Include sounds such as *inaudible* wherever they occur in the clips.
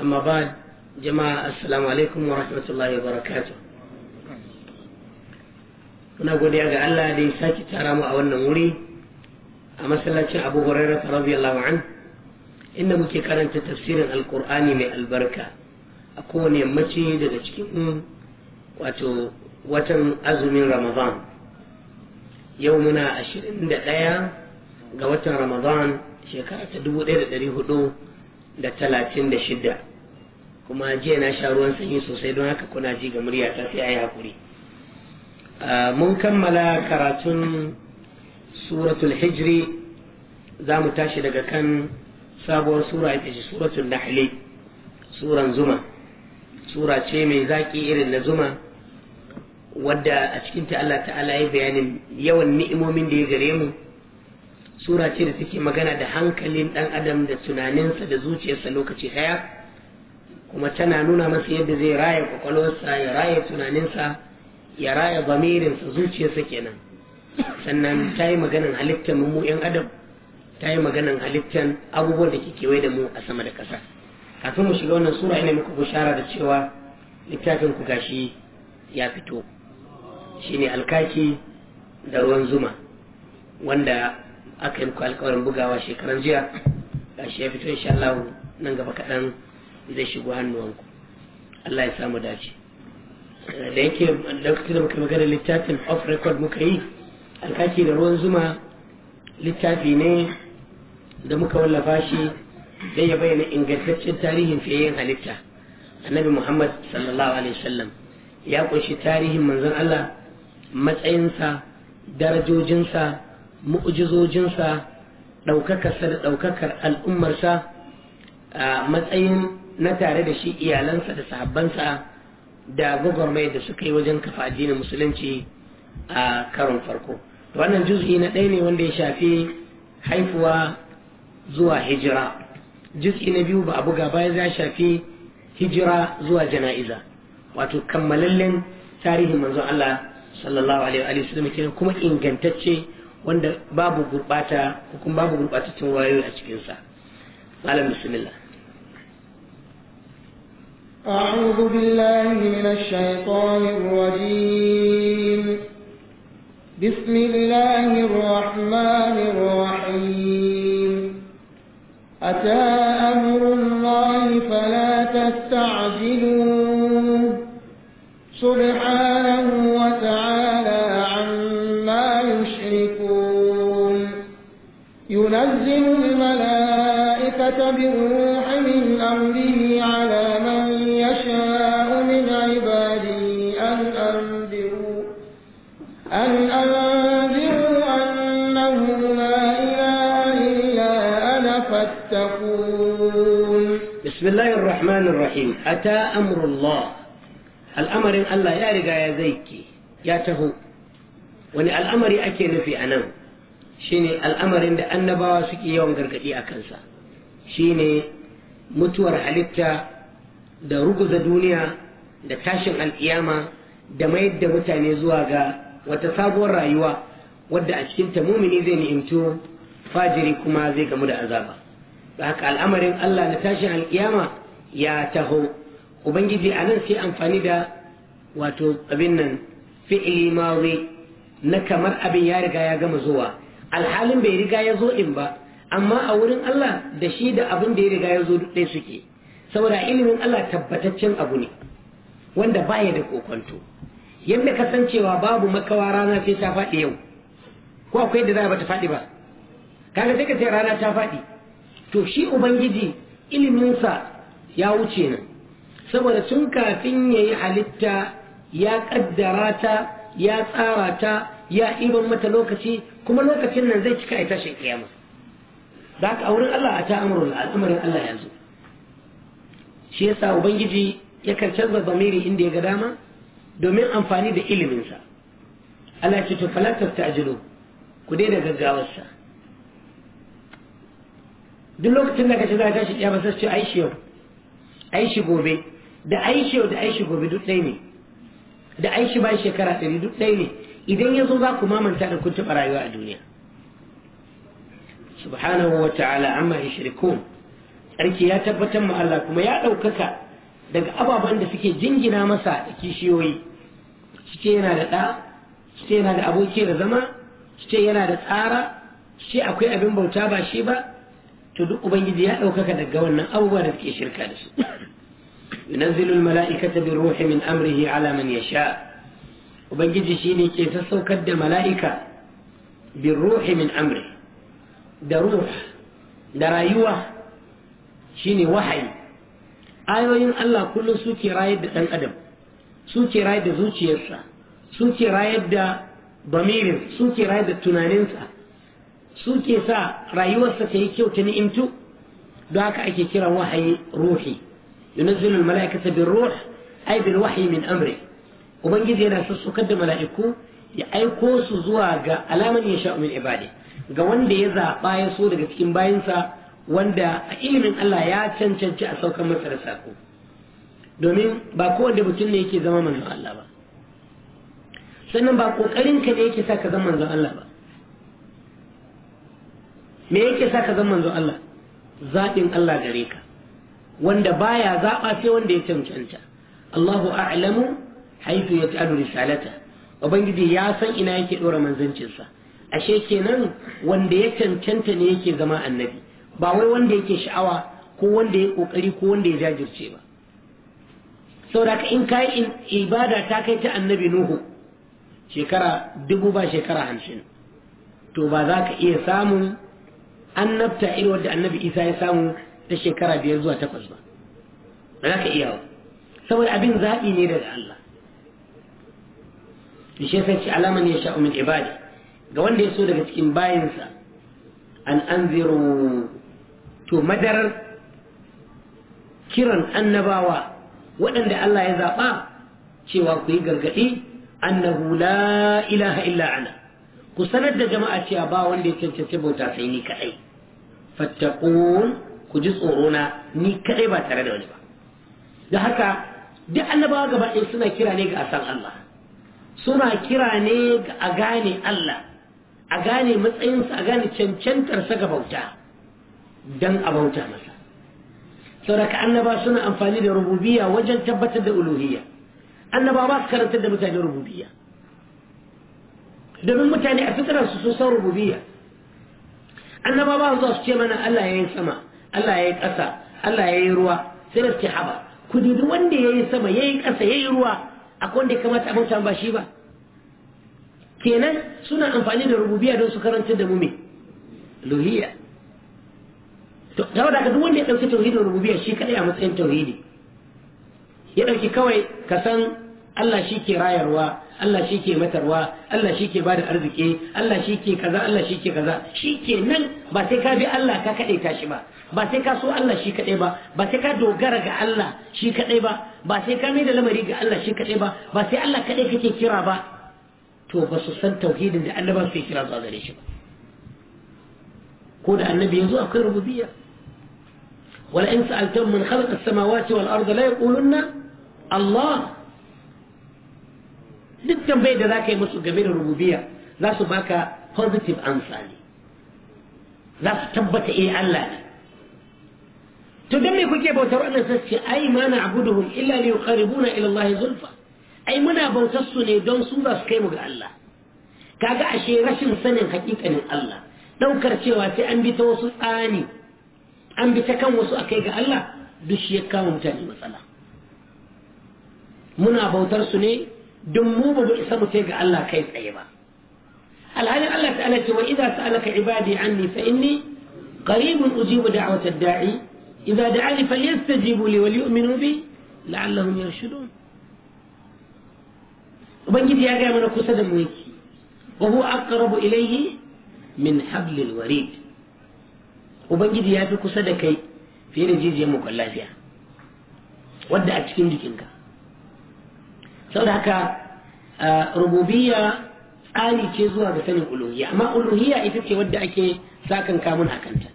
أما بعد jama'a السلام عليكم ورحمة الله وبركاته muna godiya ga Allah da ya sake tara mu a wannan wuri a masallacin Abu Hurairah radiyallahu an inda muke karanta tafsirin Alkur'ani mai albarka a kowane yammaci daga cikin wato watan azumin Ramadan yau muna ashirin da ɗaya ga watan Ramadan shekara ta hudu. da talatin da shida kuma jiya na sha ruwan sanyi sosai don haka kuna ji ga murya ta sai a yi haƙuri mun kammala karatun suratul hijri za mu tashi daga kan sabuwar sura ita ce suratul nahli suran zuma sura ce mai zaƙi irin na zuma wadda a cikinta Allah ta'ala ya bayanin yawan ni'imomin da ya gare mu sura ce da take magana da hankalin ɗan adam da tunaninsa da zuciyarsa lokaci ɗaya kuma tana nuna masa yadda zai raya kwakwalwarsa ya raya tunaninsa ya raya bamirinsa zuciyarsa kenan sannan ta yi maganan halittar mu 'yan adam ta yi maganan halittar abubuwan da ke kewaye da mu a sama da ƙasa kafin mu shiga wannan sura ina muku bushara da cewa littafin ku gashi ya fito shine alkaki da ruwan zuma wanda aka yi muku alkawarin bugawa shekaran jiya ga shi ya fito insha Allah nan gaba kaɗan zai shigo hannuwanku Allah ya samu dace da yake lokacin da muka magana littafin off record muka yi alkaki da ruwan zuma littafi ne da muka wallafa shi zai ya bayyana ingantaccen tarihin fiyayyen halitta annabi muhammad sallallahu alaihi wasallam ya kunshi tarihin manzon allah matsayinsa darajojinsa mu'jizojinsa ɗaukakarsa da ɗaukakar al'ummarsa a matsayin na tare da shi iyalansa da sahabbansa da gwagwarmai da suka yi wajen kafa addinin musulunci a karon farko wannan juz'i na ɗaya ne wanda ya shafi haifuwa zuwa hijira juz'i na biyu ba a buga baya za shafi hijira zuwa jana'iza wato kammalallen tarihin manzon Allah sallallahu alaihi wa sallam kuma ingantacce wanda babu gurbata kuma babu gurbataccen wayoyi a cikinsa malam bismillah أعوذ بالله من الشيطان الرجيم بسم الله الرحمن الرحيم أتى أمر الله فلا تستعجلوه سبحانه مِنْ أَمْرِهِ عَلَى مَنْ يَشَاءُ مِنْ أَنْ أَنذِرُوا أَنْ أَنذِرُوا أَنَّهُ لَا إِلَهَ إِلَّا أَنَا فَاتَّقُونِ بسم الله الرحمن الرحيم أتى أمر الله الأمر إن الله يا يا زيكي يا تهو wani الأمر ake في أنام شيني الأمر أن da annabawa يوم yawan أكنسا shine mutuwar halitta da ruguza duniya da tashin al'iyama da mayar da mutane zuwa ga wata sabuwar rayuwa wadda a cikinta mumini zai ni'imtu fajiri kuma zai gamu da azaba da haka al'amarin Allah na tashin al'iyama ya taho ubangiji a nan sai amfani da wato abin nan fi'ili mazi na kamar abin ya riga ya gama zuwa alhalin bai riga ya zo in ba amma a wurin Allah da shi da abin da ya riga ya zo duk ɗaya suke saboda ilimin Allah tabbataccen abu ne wanda baya da kokonto yadda kasancewa babu makawa rana sai ta faɗi yau ko akwai da za ba ta faɗi ba kaga sai ka ce rana ta faɗi to shi ubangiji iliminsa ya wuce nan saboda tun kafin ya yi halitta ya ƙaddara ta ya tsara ta ya iban mata lokaci kuma lokacin nan zai cika ita shi kiyama da haka Allah a ta amurul al'amarin Allah yanzu zo shi yasa ubangiji ya yakan canza zamiri inda ya ga dama domin amfani da iliminsa Allah ce to ta ajiro ku daina gaggawarsa duk lokacin da kace za ka tashi ba sai ce Aishi yau Aishi gobe da Aishi yau da Aishi gobe duk ɗaya ne da Aishi ba shekara ɗari duk ɗaya ne idan ya zo za ku mamanta da kun taɓa rayuwa a duniya subhanahu wa ta'ala amma ya shirku sarki ya tabbatar ma Allah kuma ya ɗaukaka daga ababen da suke jingina masa da kishiyoyi shi yana da ɗa shi yana da aboki da zama cice yana da tsara shi akwai abin bauta ba shi ba to duk ubangiji ya ɗaukaka daga wannan abubuwa da suke shirka da su ruhi min amrihi ala man yasha ubangiji shine ke sassaukar da mala'ika bi ruhi min amrihi da ruh da rayuwa shine wahayi ayoyin Allah kullum suke rayar da ɗan adam suke rayar da zuciyarsa suke rayar da bamirin suke rayar da tunaninsa suke sa rayuwarsa ta yi kyau ta ni'imtu don haka ake kira wahayi ruhi yunazzilu almalaikata bin ruh ay bil wahyi min amri ubangiji yana sassukar da mala'iku ya aiko su zuwa ga alaman yasha'u sha'u min ibadi ga wanda ya zaɓa ya so daga cikin bayansa wanda a ilimin Allah ya cancanci a saukan masa da sako domin ba kowanne mutum ne yake zama manzon Allah ba sannan ba kokarin ka ne yake sa ka zama manzon Allah ba me yake sa ka zama manzon Allah zaɓin Allah gare ka wanda baya zaɓa sai wanda ya cancanta Allahu a'lamu haythu yaj'alu risalata ubangiji ya san ina yake dora manzancinsa ashe kenan wanda ya cancanta ne yake zama annabi ba wai wanda yake sha'awa ko wanda ya kokari ko wanda ya jajirce ba saboda in kai ibada ta kai ta annabi nuhu shekara dubu ba shekara hamsin to ba za ka iya samun annabta irin wadda annabi isa ya samu ta shekara biyar zuwa takwas ba ba za ka iya saboda abin zaɓi ne daga allah shi sai ce alaman ya sha'umin min ibadi ga wanda ya so daga cikin bayansa an anziru to madarar kiran annabawa waɗanda Allah ya zaɓa cewa ku yi gargaɗi annahu la ilaha illa ana ku sanar da jama'a cewa ba wanda ya cancanci bauta sai ni kaɗai fattaqun ku ji tsorona ni kaɗai ba tare da wani ba da haka duk annabawa gaba ɗaya suna kira ne ga asan Allah suna kira ne ga a gane Allah أغاني مطعنس أغاني چنچن ترسك بوتا دن أبوتا مسا سورك أنبا سنة أنفالي دي ربوبية وجن تبت دي أن أنبا باس كرنت دي متاني ربوبية دي متاني أفترة سوسا ربوبية أنبا باس دوس كمانا الله يهي سما الله يهي قسا الله يهي روا سنفتي حبا كدو دواني يهي سما يهي قسا يهي روا أكون دي كمات أبوتا مباشي kenan suna amfani da rububiya don su karanta da mu luhiya to da wadaka duk wanda ya dauki tauhidin rububiya shi kadai a matsayin tauhidi ya dauki kawai ka san Allah shi ke rayarwa Allah shi ke matarwa Allah shi ke bada arziki Allah shi ke kaza Allah shi ke kaza shi ke nan ba sai ka bi Allah ka kaɗai ka shi ba ba sai ka so Allah shi kaɗai ba ba sai ka dogara ga Allah shi kaɗai ba ba sai ka mai da lamari ga Allah shi kaɗai ba ba sai Allah kaɗai kake kira ba بس توبصصن توحيد اللي أنا بس في خلاص هذا ليش كون النبي يزوع في ربوبية ولئن سألتم من خلق السماوات والأرض لا يقولن الله لكن بيد ذاك يمسو قبير الربوبية لا سباك positive answer لا ستبت أي الله تدمي كي بوتر أنا أي ما نعبدهم إلا ليقربونا إلى الله زلفه ai muna bautar su ne don su za su kai mu ga Allah kaga ashe rashin sanin hakikanin Allah daukar cewa sai an bi ta wasu tsani an bi ta kan wasu akai ga Allah duk shi ya kama mutane matsala muna bautar su ne don mu ba mu isa mu kai ga Allah kai tsaye ba alhalin Allah ta'ala ce wa idza sa'alaka ibadi anni fa inni qaribun ujibu da'wata da'i idza da'ani falyastajibu li wal yu'minu bi la'allahum yarshudun ubangiji ya gaya mana kusa da mu yake wa huwa aqrabu ilayhi min hablil warid ubangiji ya fi kusa da kai fiye da jijiyar mu lafiya wadda a cikin jikinka saboda haka rububiyya tsari ce zuwa ga sanin uluhiyya amma uluhiyya ita ce wadda ake sakan kamun a kanta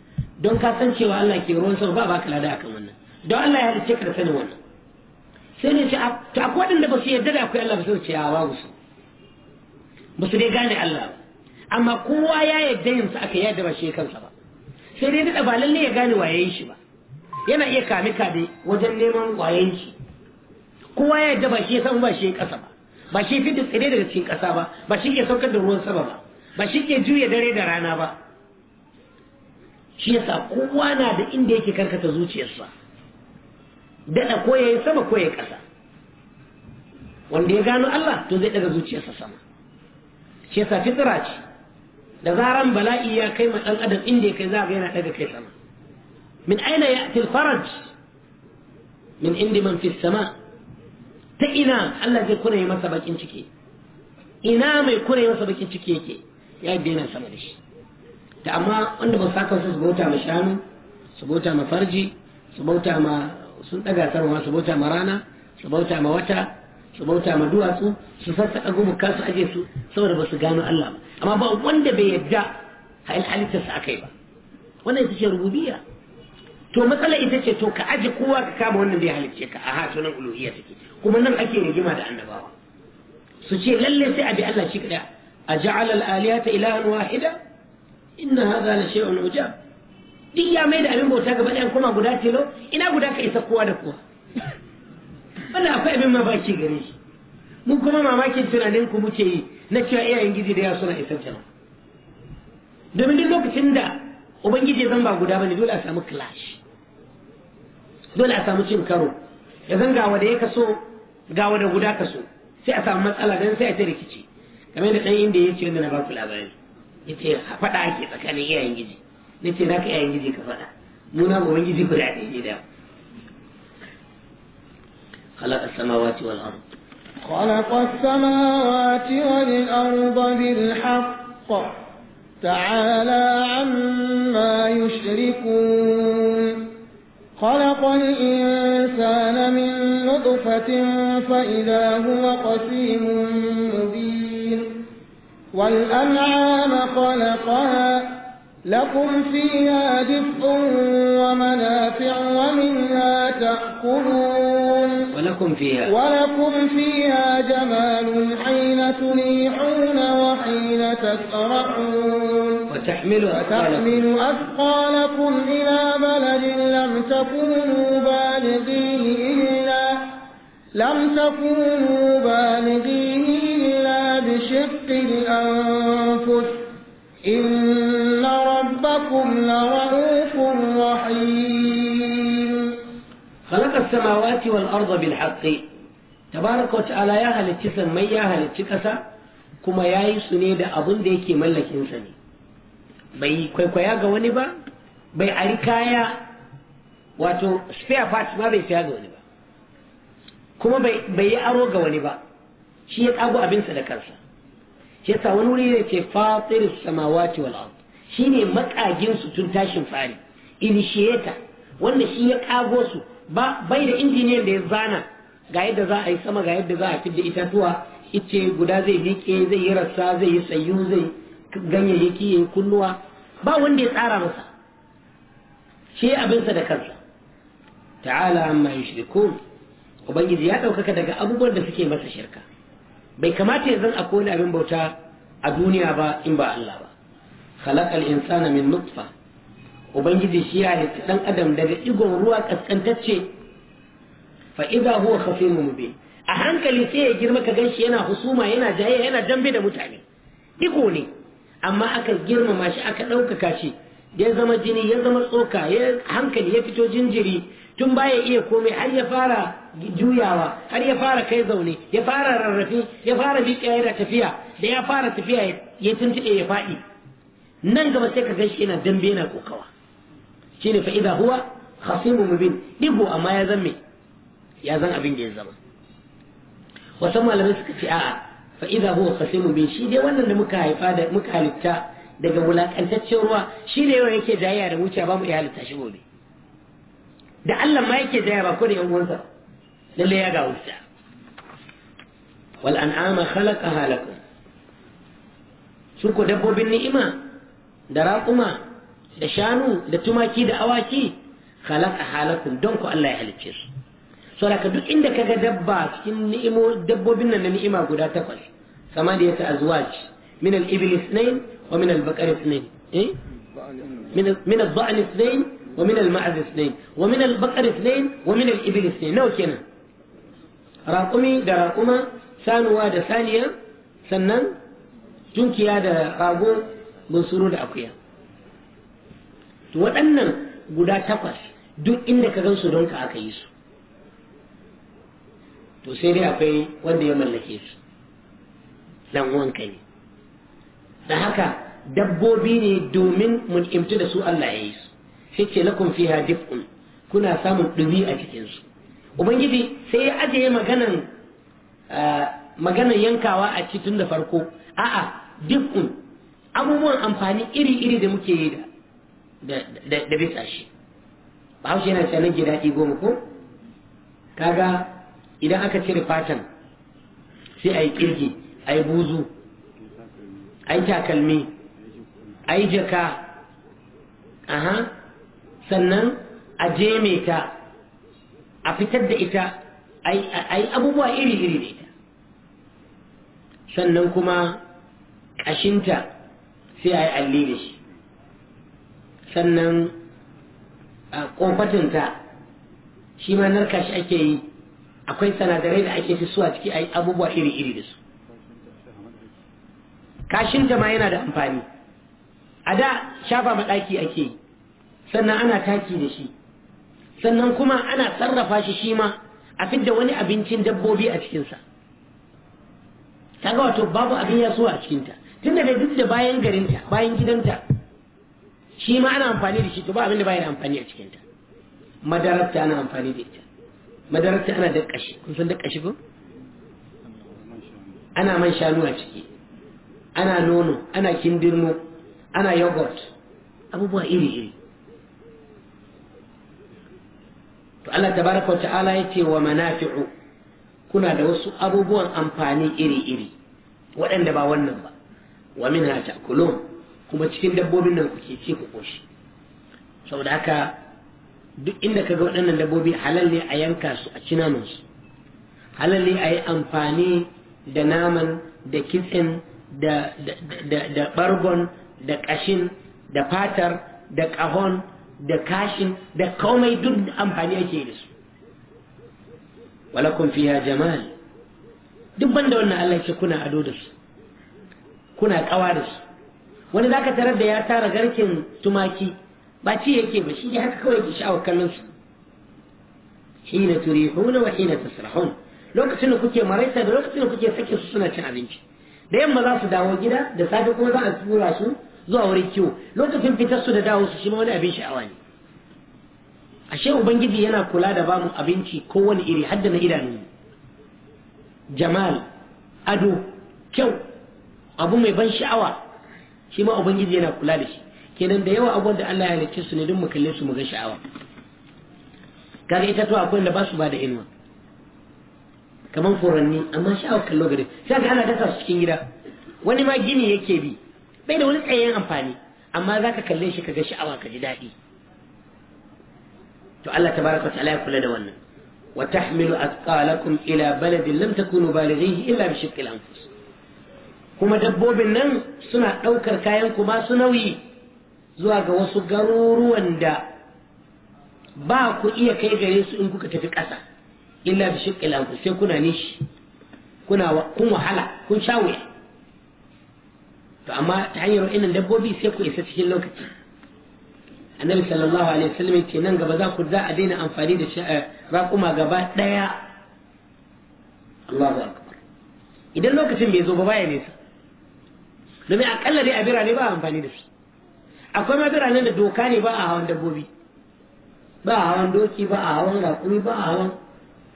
don ka san cewa Allah ke ruwan sama ba baka lada akan wannan don Allah ya halicce ka da sanin wannan sai ne ce to akwai waɗanda ba su yarda da akwai Allah ba sai ce a babu su ba su dai gane Allah amma kowa ya yarda yanzu aka yarda ba shi kansa ba sai dai da ba lalle ya gane waye shi ba yana iya kame kame wajen neman wayen shi kowa ya yarda ba shi san ba shi kasa ba ba shi fitin tsire daga cikin kasa ba ba shi ke saukar da ruwan sama ba ba shi ke juya dare da rana ba shi yasa kowa na da inda yake karkata zuciyarsa daɗa ko ya yi sama ko ya yi ƙasa wanda ya gano Allah to zai daga zuciyarsa sama shi yasa fitira ce da zaran bala'i ya kai ma ɗan adam inda ya kai za ga yana daga kai sama min aina ya'ti al-faraj min indi man fi sama ta ina Allah zai kure masa bakin ciki ina mai kure masa bakin ciki yake ya bi sama da shi da amma wanda ba sa kansu su bauta ma shanu su bauta ma farji su bauta ma sun ɗaga sarwa su bauta ma rana su bauta ma wata su bauta ma duwatsu su sassaƙa gumuka su aje su saboda ba su gano Allah ba amma ba wanda bai yadda hayal halittar sa akai ba wannan ita ce rububiyya to matsala ita ce to ka aje kowa ka kama wannan bai halicce ka aha sunan uluhiyya take kuma nan ake rigima da annabawa su ce lalle sai a bi Allah shi kada a ja'ala al-alihata ilahan wahida inna hadha la shay'un ujab duk ya mai da abin bauta gaba ɗayan kuma guda tilo ina guda ka isa kowa da kowa wannan akwai abin ma baki gare shi mu kuma mamakin tunanin ku muke yi na cewa iyayen gizi da yawa suna isar jama'a domin duk lokacin da ubangiji zan ba guda bane dole a samu clash dole a samu cin karo ya zan gawa da ya kaso gawa da guda kaso sai a samu matsala don sai a ta rikici kamar da ɗan inda ya ce wanda na ba ku labari ya ce faɗa ake tsakanin iyayen gizi nace na ka yayin giji ka faɗa muna mu giji ku da gida خلق السماوات والأرض خلق السماوات والأرض بالحق تعالى عما يشركون خلق الإنسان من نطفة فإذا هو قسيم مبين والأنعام خلقها لكم فيها دفء ومنافع ومنها تأكلون ولكم فيها ولكم فيها جمال حين تريحون وحين تسرحون وتحمل أثقالكم, أثقالكم إلى بلد لم تكونوا بالغيه إلا لم تكونوا بالغيه إلا بشق الأنفس إن ربكم لرؤوف رحيم خلق السماوات والأرض بالحق تبارك وتعالى يا هل التسن من يا هل تكسا كما ياي سنيد أبن ديكي ملك إنساني bai kwaikwaya ga wani ba bai ari kaya wato spare parts ma bai siya ga wani ba kuma bai yi aro ga wani ba shi ya tsago abinsa da kansa shi wani wuri ne ce fatir samawati wal shine makagin su tun tashin fari initiator wanda shi ya kago su bai da injiniyan da ya zana ga yadda za a yi sama ga yadda za a fidda itatuwa ice guda zai miƙe zai yi rassa zai yi tsayu zai ganyayyaki ya yi kunnuwa ba wanda ya tsara masa shi abinsa da kansa ta'ala amma yushrikun ubangiji ya ɗaukaka daga abubuwan da suke masa shirka bai kamata ya zan akwai wani abin bauta a duniya ba in ba Allah ba خلق الإنسان من نطفة وبنجدي شيء على أدم دار إيجون روا كسكن فإذا هو خفيم مبين أهانك اللي سيئ جرمك كجنش هنا خصومة هنا جاية هنا جنب ده متعني يقولي أما أكل جرم ما شاء أكل أو كاشي يزم الجني يزم الأوكا أهانك اللي يفتو جنجري تم باي إيه كومي هل يفارا جوياوا هل يفارا كيزوني يفارا الرفي يفارا بيك أيرا تفيا ده يفارا تفيا يتنتقي إيه يفائي nan gaba sai ka gan shi yana dambe yana kokawa shi ne fa'ida huwa khasimu mubin digo amma ya zan mai ya zan abin da ya zama wasu malamai suka ce a fa'ida huwa khasimu mubin shi dai wannan da muka haifa da muka halitta daga wulakantaccen ruwa shi ne yawan yake jayya da wuce ba mu iya halitta shi gobe da Allah ma yake jayya ba ko da yan uwansa lallai ya ga wuce wal an'ama khalaqaha lakum su ko dabbobin ni'ima da raƙuma da shanu da tumaki da awaki khalaqa halakum don ku Allah ya halicce su saboda duk inda kaga dabba cikin ni'imo dabbobin nan na ni'ima guda takwas kama da yata azwaj eh? min al-ibil ithnain wa min al-baqar ithnain eh min al-dha'n ithnain wa min al-ma'z ithnain wa min al-baqar ithnain wa min al-ibil ithnain nawa kenan raƙumi da raƙuma sanuwa da saniya sannan tunkiya da rago mun suno da akuya to waɗannan guda takwas duk inda ka gansu don ka aka yi su to sai dai akwai wanda ya mallake su zan wanka ne da haka dabbobi ne domin mun imtu da su Allah ya yi su sai ce lakum fiha kuna samun dumi a cikinsu. ubangiji sai ya ajiye maganan eh, maganan yankawa a cikin da farko a'a dif'un abubuwan amfani iri-iri da muke yi da bisa shi ba haushe yana tsanin gida goma ko kaga idan aka cire fatan sai a yi ƙirgi a yi buzu a yi takalmi a yi jaka aha sannan a jeme ta a fitar da ita a yi abubuwa iri-iri da ita sannan kuma ƙashinta sai a yi alli da shi sannan a kofatinta shi ma narka shi ake yi akwai sanadarai da ake fisuwa ciki a yi abubuwa iri-iri da su kashinta ma yana da amfani a da shafa maɗaki ake yi sannan ana taki da shi sannan kuma ana sarrafa shi shi ma a fidda wani abincin dabbobi a cikinsa ta ga wato babu abin yasuwa a cikinta tunda da duk da bayan garinta bayan gidanta shi ma ana amfani da shi to ba abin da bayan amfani a cikinta madararta ana amfani da ita madararta ana da kashi kun san da kashi ko ana man shanu a ciki ana nono ana kindirmo ana yogurt abubuwa iri iri to Allah tabaraka wa ta'ala yace wa manafi'u kuna da wasu abubuwan amfani iri iri waɗanda ba wannan ba wa minha ta'kulun kuma cikin dabbobin nan kuke ci ku koshi saboda haka duk inda kaga waɗannan dabbobi halal ne a yanka su a cina naman su halal ne a yi amfani da naman da kitsin da da bargon da kashin da fatar da ƙahon da kashin da komai duk amfani ake da su walakun fiya jamal duk banda wannan Allah ce kuna ado da su kuna kawa da su wani zaka tarar da ya tara garkin tumaki ba ci yake ba shi ne haka kawai ke sha'awar kallon su hina turihuna wa hina tasrahun lokacin da kuke maraita da lokacin da kuke sake su suna cin abinci da yamma za su dawo gida da safe kuma za a tura su zuwa wurin kiwo lokacin fitar su da dawo su shi ma wani abin sha'awa ne ashe ubangiji yana kula da bamu abinci kowane iri har da na idanu jamal ado kyau abu mai ban sha'awa shi ma ubangiji yana kula da shi kenan da yawa abubuwan da Allah ya halicce su ne don mu kalle su mu ga sha'awa kaga ita to akwai da ba su ba da inuwa kamar furanni amma sha'awa kallo gare sai ga ana dasa su cikin gida wani ma gini yake bi bai da wani tsayayyen amfani amma zaka ka kalle shi ka ga sha'awa ka ji daɗi to Allah tabaraka ta'ala ya kula da wannan wa tahmilu athqalakum ila baladin lam takunu balighihi illa bi shiqqil anfus kuma dabbobin nan suna ɗaukar kayan kuma masu nauyi zuwa ga wasu garuruwan da ba ku iya kai gare su in kuka tafi ƙasa illa bi shi anfus sai kuna nishi kuna kun wahala kun sha wuya to amma ta hanyar wa'annan dabbobi sai ku isa cikin lokaci annabi sallallahu alaihi wasallam ce nan gaba za ku za a daina amfani da eh, raƙuma gaba ɗaya Allahu akbar idan lokacin bai zo ba baya nisa domin akalla dai a birane ba amfani da su akwai ma da doka ne ba a hawan dabbobi ba a hawan doki ba a hawan rakumi ba a hawan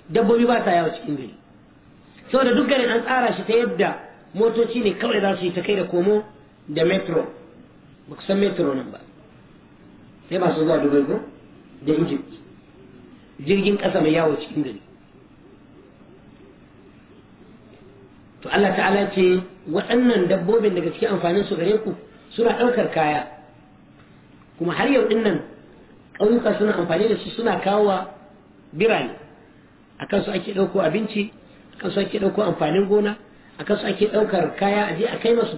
dabbobi ba ta yawo cikin gari saboda duk garin an tsara shi ta yadda motoci ne kawai za su yi ta kai da komo da metro ba ku san metro nan ba sai ba su zuwa dubai ko da egypt jirgin ƙasa mai yawo cikin gari to allah ta'ala ce waɗannan dabbobin daga cikin amfanin su gare ku suna ɗaukar kaya kuma har yau dinnan ƙauyuka suna amfani da su suna kawowa birane a kansu ake ɗauko abinci a kansu ake ɗauko amfanin gona a kansu ake ɗaukar kaya a je a kai masu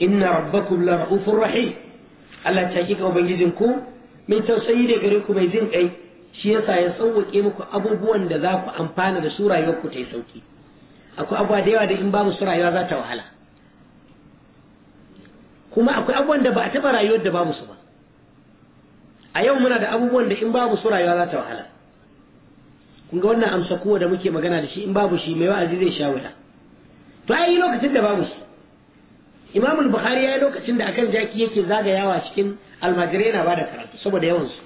inna rabbakum la ra'ufur rahim Allah ta kika ubangijin ku mai tausayi da gare ku mai jin kai shi yasa ya sauwake muku abubuwan da za ku amfana da su rayuwar ku ta yi sauki akwai abuwa da yawa da in babu su rayuwa za ta wahala kuma akwai abubuwan da ba a taɓa rayuwar da babu su ba a yau muna da abubuwan da in babu su rayuwa za ta wahala kun ga wannan amsa kowa da muke magana da shi in babu shi mai wa'azi zai sha wuta to ai lokacin da babu shi imamul bukhari ya yi lokacin da akan jaki yake zagayawa cikin almajirai na bada karatu saboda yawansu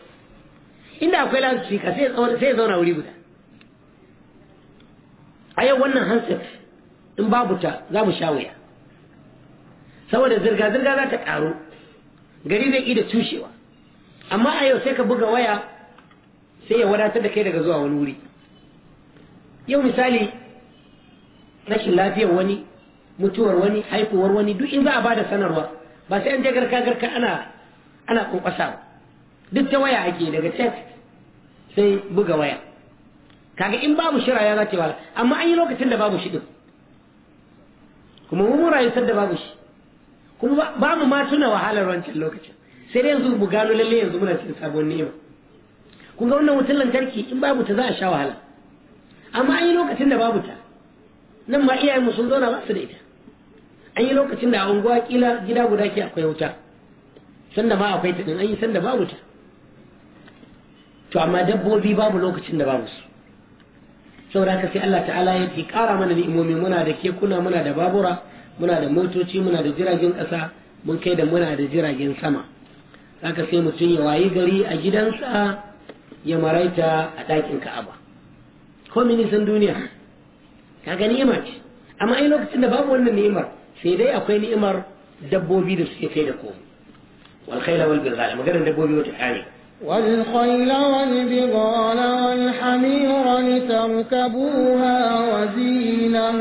inda akwai ka sai zauna wuri guda a yau wannan hansif in babu ta za mu sha wuya saboda zirga-zirga za ta ƙaru gari zai ida tushewa amma a yau sai ka buga waya sai ya wadatar da kai daga zuwa wani wuri yau misali rashin lafiyar wani mutuwar wani haifuwar wani duk in za a bada sanarwa ba sai an je garka-garka ana ana kunkwasa ba duk ta waya ake daga tek sai buga waya kaga in babu shira ya zace wala amma an yi lokacin da babu shi din kuma mu rayu da babu shi kuma ba mu ma tuna wahalar wancan lokacin sai dai yanzu mu gano lalle yanzu muna cikin sabon ni'ima kun ga wannan wutar lantarki in babu ta za a sha wahala amma an yi lokacin da babu ta nan ma iyayen mu sun zauna ba su da ita an yi lokacin da a unguwa kila gida guda ke akwai wuta sanda ma akwai ta an yi sanda babu ta to amma dabbobi babu lokacin da babu su saboda haka sai Allah ta'ala ya ce ƙara mana ni'imomi muna da kekuna muna da babura muna da motoci muna da jiragen ƙasa mun kai da muna da jiragen sama haka sai mutum ya wayi gari a gidansa ya maraita a ɗakin ka'aba ko minisan duniya kaga ni'ima ce amma a lokacin da babu wannan ni'imar sai dai akwai ni'imar dabbobi da suke kai da komo wal khaila wal bighala maganar dabbobi wata kare والخيل والبغال والحمير لتركبوها وزينا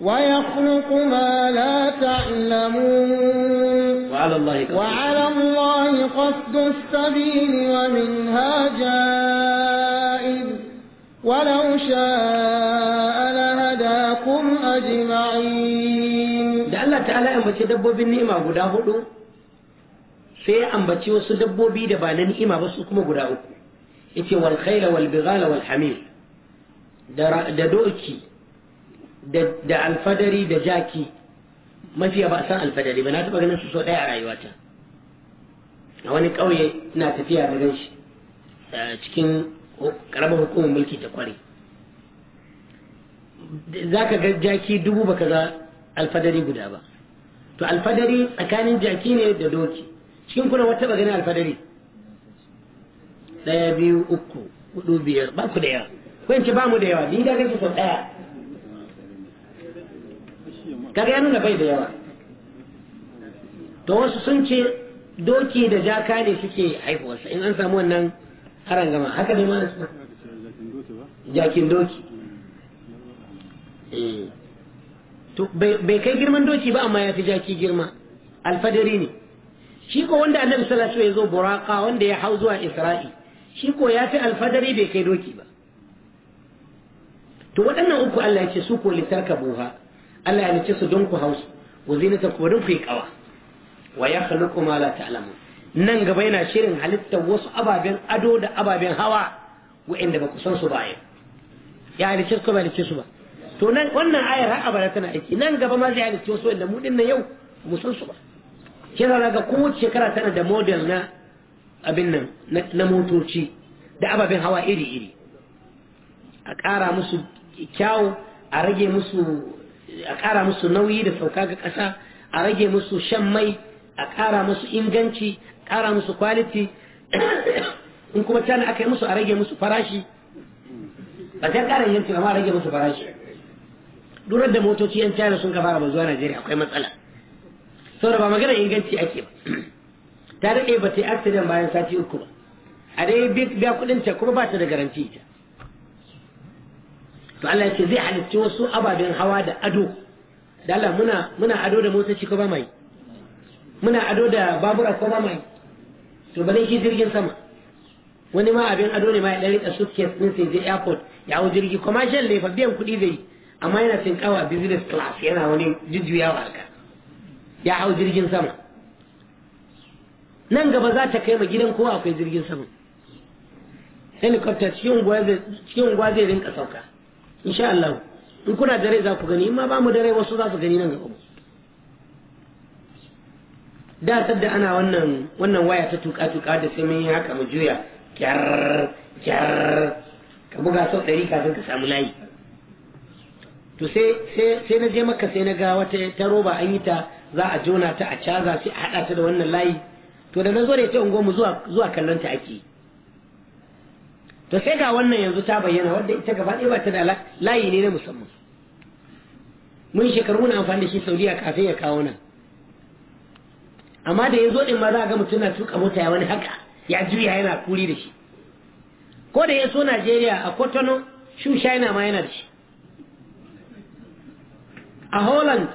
ويخلق ما لا تعلمون وعلى الله قصد, وعلى الله قصد السبيل ومنها جائر ولو شاء لهداكم أجمعين لعلك الله تعالى أمتي دبوا ولا هدوء sai ya ambaci wasu dabbobi da ba na ni'ima ba su kuma guda uku yace wal khayla wal bighala wal hamil da doki da alfadari da jaki mafiya ba san alfadari ba na taba ganin su so daya a rayuwata a wani ƙauye ina tafiya da ganshi cikin karamar hukumar mulki ta kware za ka ga jaki dubu baka ga alfadari guda ba to alfadari tsakanin jaki ne da doki cikin kuna wata ba gani alfadari ɗaya biyu uku hudu biyar ba ku da yawa kun ba mu da yawa ni ga gaske sau ɗaya kaga ya nuna bai da yawa to wasu sun ce doki da jaka ne suke haifuwarsa in an samu wannan haran gama haka ne ma jakin doki eh. to bai kai girman doki ba amma ya fi jaki girma alfadari ne shi ko wanda annabi sallallahu alaihi wasallam ya zo buraka wanda ya hau zuwa isra'i shi ko ya fi alfadari bai kai doki ba to waɗannan uku Allah ya ce su ko litarka buha Allah ya ce su don ku hausu zina zinata ku don ku yi kawa wa ya khaluqu ma la ta'lamu nan gaba yana shirin halitta wasu ababen ado da ababen hawa wa'anda ba ku san su ba ya halicce su ba halicce su ba to nan wannan ayar har ba tana aiki nan gaba ma zai halicce wasu wanda mu din nan yau mu san su ba Kira yasa ga kowace shekara tana da model na abin nan na motoci da ababen hawa iri-iri a ƙara musu kyawu a rage musu a ƙara musu nauyi da sauka ga ƙasa a rage musu shan mai a ƙara musu inganci a ƙara musu quality. *coughs* in kuma tana aka yi musu a rage musu farashi ba ta ƙara yanci amma a rage musu farashi durar da motoci yan china sun ka fara bazuwa najeriya akwai matsala da ba magana inganci ake ba ta daɗe ba ta yi accident bayan sati uku ba a dai biya kuɗin ta kuma ba ta da garanti ita to Allah ya ce zai halicci wasu ababen hawa da ado da Allah muna muna ado da motoci ko ba mai muna ado da babura ko ba mai to ba shi jirgin sama wani ma abin ado ne ma ya ɗan riƙa suitcase ɗin sai je airport ya hau jirgi commercial ne fa biyan kuɗi zai amma yana cin kawa business class yana wani jujjuyawa haka ya hau jirgin sama nan gaba za ta kai ma gidan kowa akwai jirgin sama helicopter cikin unguwa zai rinka sauka insha Allah in kuna dare za ku gani in ma ba mu dare wasu za su gani nan gaba da sadda ana wannan wannan waya ta tuka tuka da sai mun yi haka mu juya kyar kyar ka buga sau ɗari kafin ka samu layi to sai sai na je maka sai na ga wata ta roba an yi ta za a jona ta a caza sai a haɗa ta da wannan layi to da na zo da ita mu zuwa zuwa kallon ta ake to sai ga wannan yanzu ta bayyana wadda ita gaba ɗaya ba ta da layi ne na musamman mun shekaru na amfani da shi saudiya kafin ya kawo nan amma da ya zo ɗin ma za a ga mutum na tuka mota ya wani haka ya juya yana kuri da shi ko da ya so najeriya a kotono shu china ma yana da shi a holland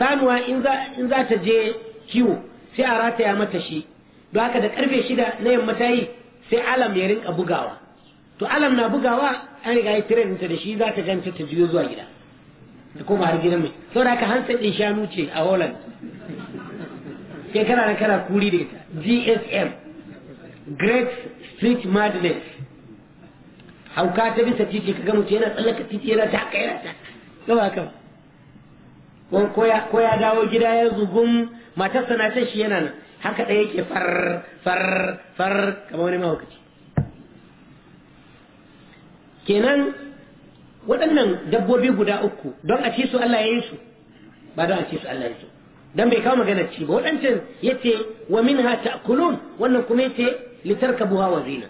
sanuwa in za ta je kiwo sai a rataya mata shi don haka da karfe shida na yamma ta yi sai alam ya rinka bugawa to alam na bugawa an riga yi tirin ta da shi za ta ganta ta juyo zuwa gida da koma har gidan mai saboda haka hansa ɗin shanu ce a holland sai kana na kana kuri da ita gsm great street madness hauka ta bisa titi ka gamu yana tsallaka titi yana ta haka yana ta ko ya dawo gida ya zugun matarsa na can shi yana nan haka ɗaya yake far far far kamar wani mahaukaci kenan waɗannan dabbobi guda uku don a ci su Allah ya yi su ba don a ci su Allah ya yi su don bai kawo magana ci ba waɗancan ce wa minha ta'kulun wannan kuma yace litarkabuha wa zina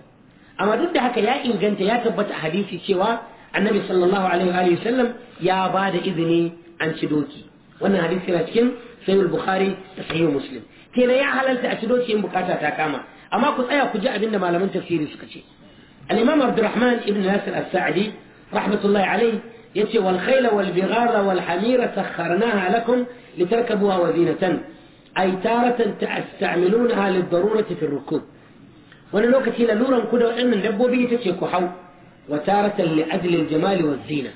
amma duk da haka ya inganta ya tabbata a hadisi cewa annabi sallallahu alaihi wa sallam ya ba da izini an ci doki wannan hadisi yana cikin sayyid bukhari da sahih muslim kenan ya halalta a shido in bukata ta kama amma ku tsaya ku ji abinda malaman tafsiri suka ce al-imam abdurrahman ibn nasir as-sa'di rahmatullahi alayhi yace wal khayla wal bighara wal hamira sakharnaha lakum litarkabuha wa zinatan ay taratan ta'stamilunaha lid-darurati fi ar-rukub wani lokaci laluran ku da waɗannan dabbobi ita ce ku hau wa taratan li ajli al-jamal wa zina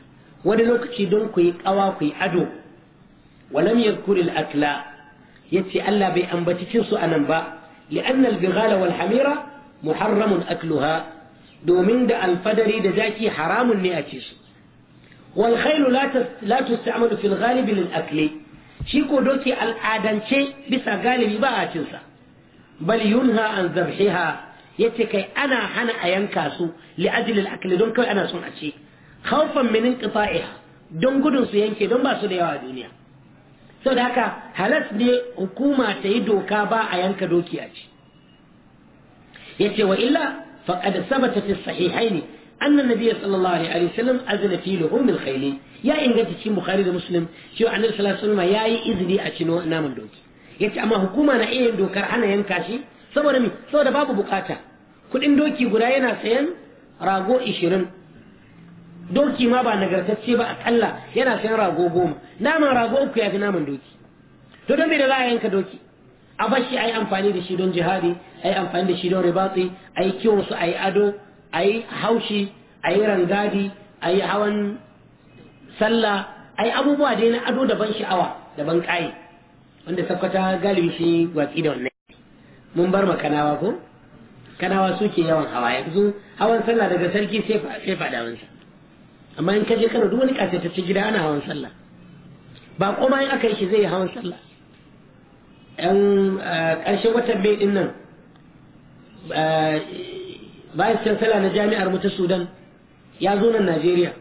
wani lokaci don ku yi kawa ku yi ado ولم يذكر الأكل يتي ألا بأنبتكين سؤالا با لأن البغال والحميرة محرم أكلها دومين دا الفدري دا ذاتي حرام نأتيس والخيل لا لا تستعمل في الغالب للأكل شيكو دوكي الآدم شيء بس غالب با بأتيسا بل ينهى عن ذبحها يتكي أنا حنا أينكاسو لأجل الأكل دون كي أنا سنأتي خوفا من انقطاعها دون قدن سينكي دون باسو ديوها دنيا sau da haka halas ne hukuma ta yi doka ba a yanka doki a ci ya wa illa faƙada sabata fi sahihai ne annan alaihi wa sallam azna fi lahumul khayli ya inganta cikin bukhari da muslim cewa annabi sallallahu alaihi wa sallam yayi izini a ci naman doki Yace amma hukuma na iya yin dokar hana yanka shi saboda babu bukata kuɗin doki guda yana sayan rago 20 doki ma ba nagartacce ba akalla yana sayan rago goma naman rago uku ya fi naman doki to don me da za a yanka doki a bar shi a yi amfani da shi don jihadi a yi amfani da shi don ribatsi a yi kiwon su a yi ado a yi haushi a yi rangadi a yi hawan salla a yi abubuwa dai na ado da ban sha'awa da ban ƙaye wanda sakwata galibi shi watsi da wannan mun bar ma kanawa ko kanawa suke yawan hawa yanzu hawan sallah daga sarki sai wansa amma in ka je Kano duk wani kasetaccen gida ana hawan sallah ba koma in aka yi shi zai yi hawan sallah yan ƙarshen watan bai din nan bayan sallah na jami'ar mu Sudan ya zo nan Najeriya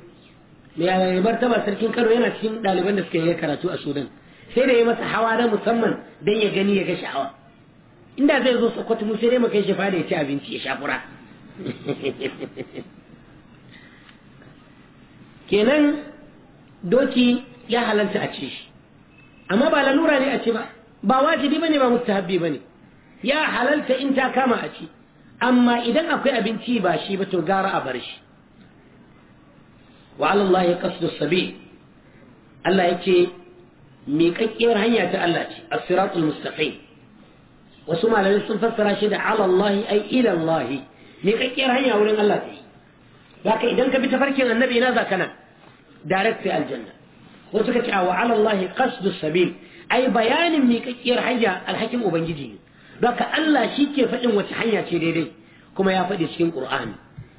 mai martaba sarkin Kano yana cikin ɗaliban da suka yi karatu a Sudan sai da ya masa hawa na musamman don ya gani ya ga sha'awa inda zai zo Sokoto mu sai dai mu kai shi fada ya ci abinci ya sha fura *laughs* kenan doki ya halarta a ce shi amma ba lalura ne a ce ba ba wajibi bane ba mustahabbi bane ya halalta in ta kama a ci amma idan akwai abinci ba shi ba to gara a bar shi wa Allah ya qasdu sabi Allah yake miƙaƙƙiyar hanya ta Allah ce as-siratul mustaqim wasu malamai sun fassara shi da ala Allah ai ila Allah miƙaƙƙiyar hanya wurin Allah ta yi zaka idan ka bi tafarkin annabi na zaka nan دارت في الجنة وتكتع وعلى الله قصد السبيل أي بيان من كثير حيا الحكم أبنجدي بك الله شيك فإن وتحيا تريري كما يفعل سكين القرآن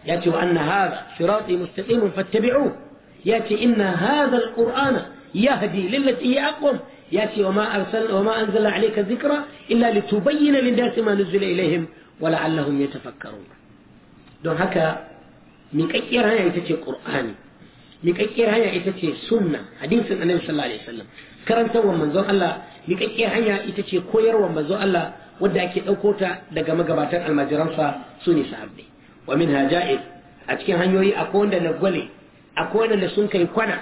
يأتي أن هذا صراطي مستقيم فاتبعوه يأتي إن هذا القرآن يهدي للتي هي أقوم يأتي وما, أرسل وما أنزل عليك الذكرى إلا لتبين للناس ما نزل إليهم ولعلهم يتفكرون دون هكا من كثير هاي تتي قرآني liƙaƙƙiyar hanya ita ce sunna hadisin annabi sallallahu alaihi wasallam karantarwar manzon Allah liƙaƙƙiyar hanya ita ce koyarwa manzon Allah wadda ake ɗauko ta daga magabatan almajiransa su ne sahabbai wa min haja'ir a cikin hanyoyi akwai wanda na gwale akwai wanda sun kai kwana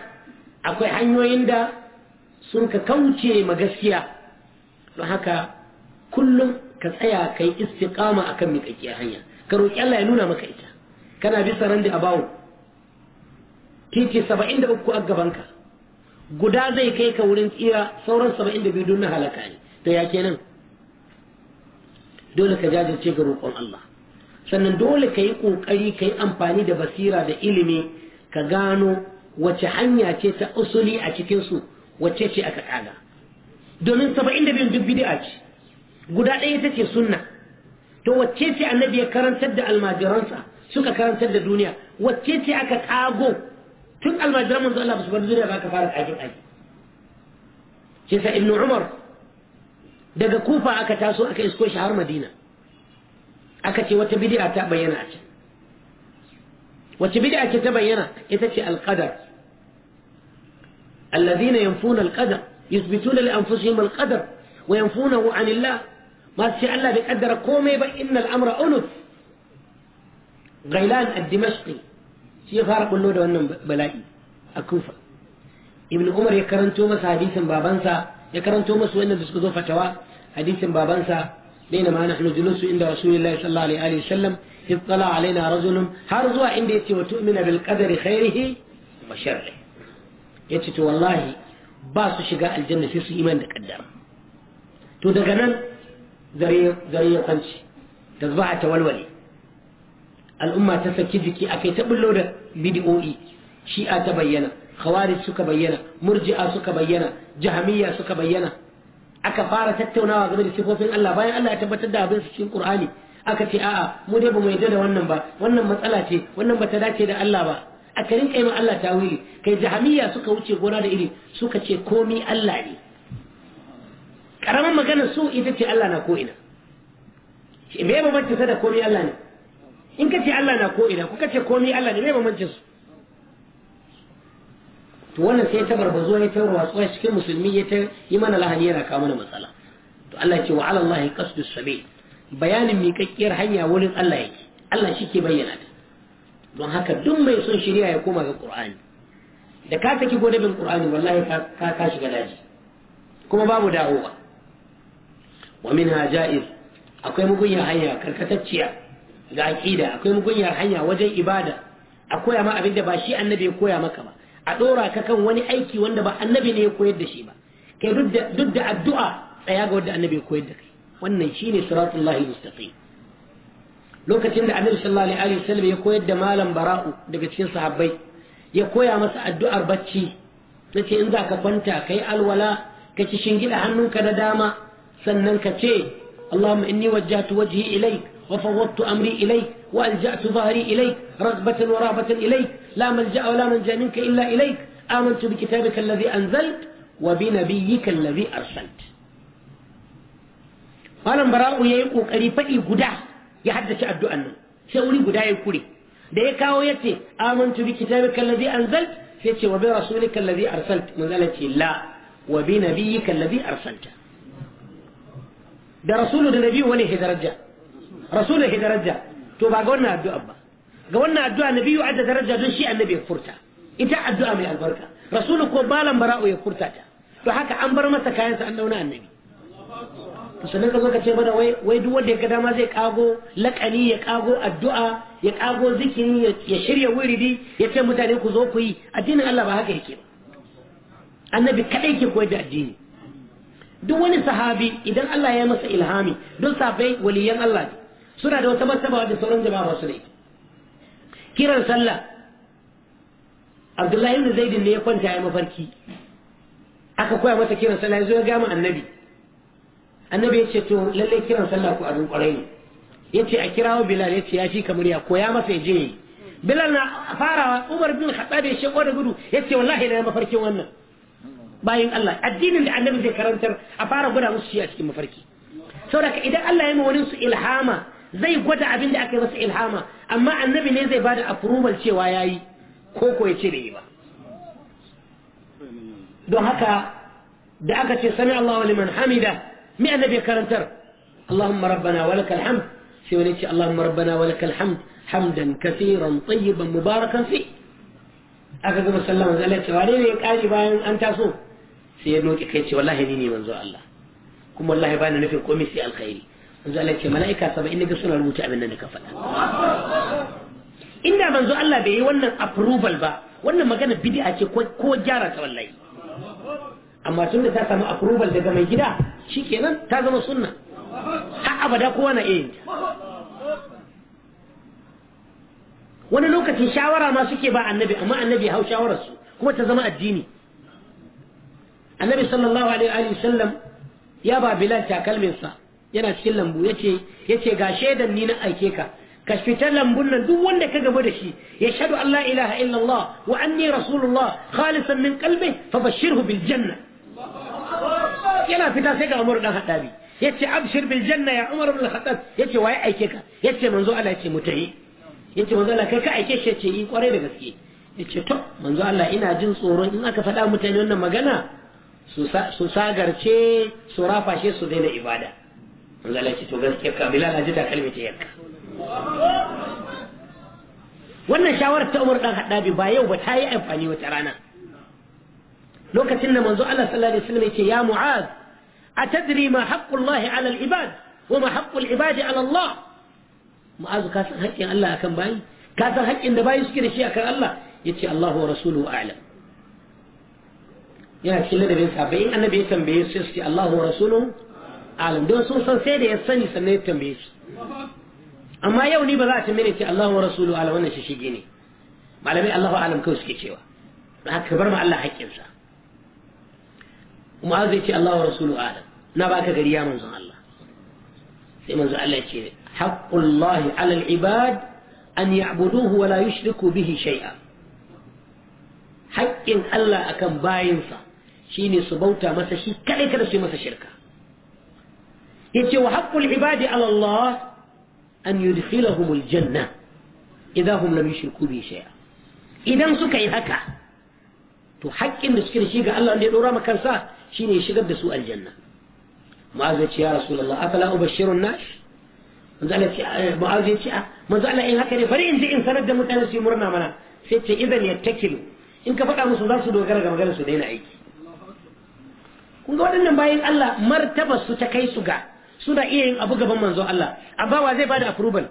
akwai hanyoyin da sun ka kauce ma gaskiya don haka kullum ka tsaya kai istiqama akan miƙaƙƙiyar hanya ka roki Allah ya nuna maka ita kana bisa ran da abawo titi saba'in da uku a gabanka guda zai kai ka wurin tsira sauran saba'in da biyu don na halaka ne to ya kenan dole ka jajirce ga roƙon Allah sannan dole ka yi ƙoƙari ka yi amfani da basira da ilimi ka gano wace hanya ce ta usuli a cikinsu wace ce aka ƙaga domin saba'in da biyun duk bid'a ce guda ɗaya ita ce sunna to wace ce annabi ya karantar da almajiransa suka karantar da duniya wace ce aka ƙago tun almajiran manzo Allah ba su bar zuriya ba ka fara ƙaƙin ƙaƙi shi sa ibnu umar daga kufa aka taso aka isko shi har madina aka ce wata bid'a ta bayyana a can wace bid'a ce ta bayyana ita ce alqadar alladhina yanfuna alqadar yuthbituna li anfusihim alqadar wa yanfunahu an Allah ma sai Allah bai kaddara komai ba innal amra unuf غيلان الدمشقي فارق اللود وانهم بلاي أكوفة ابن عمر يكرن توماس حديثا بابانسا يكرن توماس وانا دسكوزو فتوى حديثا بابانسا بينما نحن جلوس عند رسول الله صلى الله عليه وسلم إذ طلع علينا رجل هارزوا عند يتي وتؤمن بالقدر خيره وشره يتي والله باس شقاء الجنة في إيمان تقدر تو دقنا زري زري قنش تزبعة والولي al'umma ta saki jiki a kai ta bullo da bid'o'i shi'a ta bayyana khawarij suka bayyana murji'a suka bayyana jahamiyya suka bayyana aka fara tattaunawa game da sifofin Allah bayan Allah ya tabbatar da abin su cikin Qur'ani aka ce a'a mu dai bamu yarda da wannan ba wannan matsala ce wannan bata dace da Allah ba aka rinka ma Allah tawili kai jahamiyya suka wuce gona da iri suka ce komi Allah ne karamin magana su ita ce Allah na ko ina me ba bambanta da komi Allah ne in ka ce Allah na ko ina kuka ce komai Allah ne mai bambancin su to wannan sai ta barbazo ya ta watsuwa cikin musulmi ya ta yi mana lahani yana kawo mana matsala to Allah ce wa alallahi qasdus sabil bayanin miƙaƙƙiyar hanya wurin Allah yake Allah shi ke bayyana ta don haka duk mai son shirya ya koma ga Qur'ani da ka saki gode bin Qur'ani wallahi ka ka shiga daji kuma babu dawowa wa minha ja'iz akwai mugunya hanya karkatacciya ga aqida akwai mugunyar hanya wajen ibada a koya ma abin da ba shi annabi ya koya maka ba a dora ka kan wani aiki wanda ba annabi ne ya koyar da shi ba kai duk da addu'a tsaya ga wanda annabi ya koyar da kai wannan shine siratullahi mustaqim lokacin da annabi sallallahu alaihi wasallam ya koyar da malam bara'u daga cikin sahabbai ya koya masa addu'ar bacci nace in za ka kwanta kai alwala ka ci shingida hannunka na dama sannan ka ce allahumma inni wajjahtu wajhi ilayk وفوضت أمري إليك وألجأت ظهري إليك رغبة ورهبة إليك لا ملجأ ولا منجا منك إلا إليك آمنت بكتابك الذي أنزلت وبنبيك الذي أرسلت قال براء يقو قريبا يقدا يحدث أبدو أنه سأولي قدا يقولي ديكا ويتي آمنت بكتابك الذي أنزلت فيتي وبرسولك الذي أرسلت نزلت لا وبنبيك الذي أرسلت ده رسول النبي ولي هدرجه rasulun ke daraja to ba ga wannan addu'a ba ga wannan addu'a nabi ya daraja don shi annabi ya furta ita addu'a mai albarka rasulu ko balan bara'u ya furta ta to haka an bar masa kayansa an dauna annabi sannan ka zo ka ce mana wai duk wanda ya ga zai kago lakani ya kago addu'a ya kago zikiri ya shirya wuridi ya ce mutane ku zo ku yi addinin Allah ba haka ke ba annabi kadai ke koyar da addini duk wani sahabi idan Allah ya masa ilhami don sahabbai waliyyan Allah ne suna da wata martaba wadda sauran jama'a ba su ne kiran sallah abdullahi ibn zaidin ne ya kwanta ya mafarki aka koya masa kiran sallah ya zo ya gama annabi annabi ya ce to lallai kiran sallah ku abin kwarai ne ya ce a kirawo bilal ya ce ya fi kamar ya koya masa ya je yi bilal na farawa umar bin khattab ya sheko da gudu ya ce wallahi na mafarkin wannan bayan Allah addinin da annabi zai karantar a fara gwada musu shi a cikin mafarki saboda idan Allah ya yi wani su ilhama zai gwada abin da aka yi masa ilhama amma annabi ne zai bada approval cewa yayi ko ko ya ce bai ba don haka da aka ce sami Allah wa liman hamida mi annabi karantar Allahumma rabbana wa lakal hamd sai wani ce Allahumma rabbana wa lakal hamd hamdan kaseeran tayyiban mubarakan fi aka ga sallama zai ce wane ne ya kare bayan an taso sai ya noki kai ce wallahi ni ne manzo Allah kuma wallahi bani nufin komai sai alkhairi manzo Allah ce mala'ika saba'in ne ga suna rubuta abin da ka faɗa inda manzo Allah bai yi wannan approval ba wannan magana bid'a ce ko gyara ta wallahi amma tun da ta samu approval daga mai gida shikenan ta zama sunna har abada kowa na iya wani lokacin shawara ma suke ba annabi amma annabi hau shawararsu kuma ta zama addini annabi sallallahu alaihi wa sallam ya ba bilal takalminsa yana cikin lambu yace ce ga shaidan ni na aike ka ka fita lambun nan duk wanda ka gaba da shi ya shaɗu Allah ilaha illallah wa anni rasulullah khalisan min qalbi fa bashirhu bil janna yana fita sai ga Umar dan Hadabi yace abshir bil janna ya Umar ibn khattab yace waye aike ka yace manzo Allah yace mutayi yace manzo Allah kai ka aike shi yace yi eh, kwarai da gaske yace to manzo Allah ina jin tsoron in aka faɗa mutane wannan magana su sagarce su rafashe su daina ibada Allah ya ce to gaskiya ka Bilal haji ta kalme ta yanka wannan shawarar ta Umar dan Haddabi ba yau ba ta yi amfani wata rana lokacin da manzo Allah sallallahu alaihi wasallam ya ce ya Mu'az atadri ma haqqullahi 'ala al-ibad wa ma haqqul ibadi 'ala Allah Mu'az ka san haƙƙin Allah akan bayi ka san haƙƙin da bayi suke da shi akan Allah yace Allahu wa rasuluhu a'lam yana cikin ladabin sa bayin annabi ya tambaye su sai Allahu wa rasuluhu alam don sun san sai da ya sani sannan ya tambaye shi amma yau ni ba za a tambaye ce Allahu wa rasulu ala wannan shishige ne malamai Allahu alam kawai suke cewa ba haka bar ma Allah sa. kuma zai ce Allahu wa rasulu alam na ba ka gari ya manzon Allah sai manzon Allah ya ce haqqullahi ala al-ibad an ya'buduhu wa la yushriku bihi shay'a haƙƙin Allah akan bayinsa shine su bauta masa shi kadai kada su yi masa shirka yace wa haqqul ibadi ala Allah an yudkhilahum aljanna idan hum lam yushriku bi shay'a idan suka yi haka to haƙƙin da suke da shi ga Allah wanda ya dora maka kansa shine ya shigar da su aljanna mu'az ya ce ya rasulullah afala ubashshirun nash manzo Allah ya mu'az ya manzo Allah in haka ne bari in je in sanar da mutane su murna mana sai ce idan yattakilu in ka faɗa musu za su dogara ga maganar su daina aiki kun ga waɗannan bayan Allah martaba su ta kai su ga suna iya yin abu gaban manzo Allah amma wa zai bada approval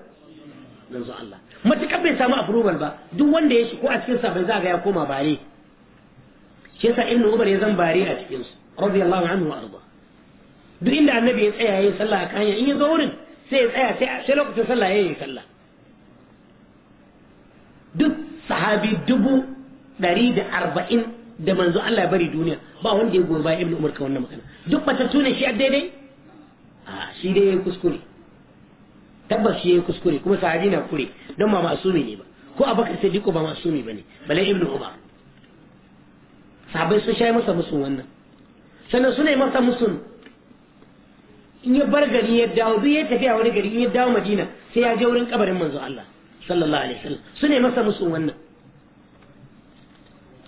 manzo Allah matukar bai samu approval ba duk wanda ya ko a cikin sa bai zaga ya koma bare shi yasa ibnu umar ya zan bare a cikin su radiyallahu anhu wa arda duk inda annabi ya tsaya yayin sallah a kanya in ya zo wurin sai ya tsaya sai sai lokacin sallah yayin sallah duk sahabi dubu ɗari da arba'in da manzo Allah ya bari duniya ba wanda ya goyi bayan ibnu umar ka wannan magana duk matattu ne shi a daidai shi dai ya kuskure tabbas shi ya kuskure kuma sahabi na kure don ba masumi ne ba ko abakar siddiqu ba ba ne balai ibnu uba sahabbai sun sha masa musun wannan sannan suna yi masa musun in ya bar gari ya dawo duk ya tafi a wani gari in ya dawo madina sai ya je wurin kabarin manzo Allah sallallahu alaihi wasallam suna yi masa musun wannan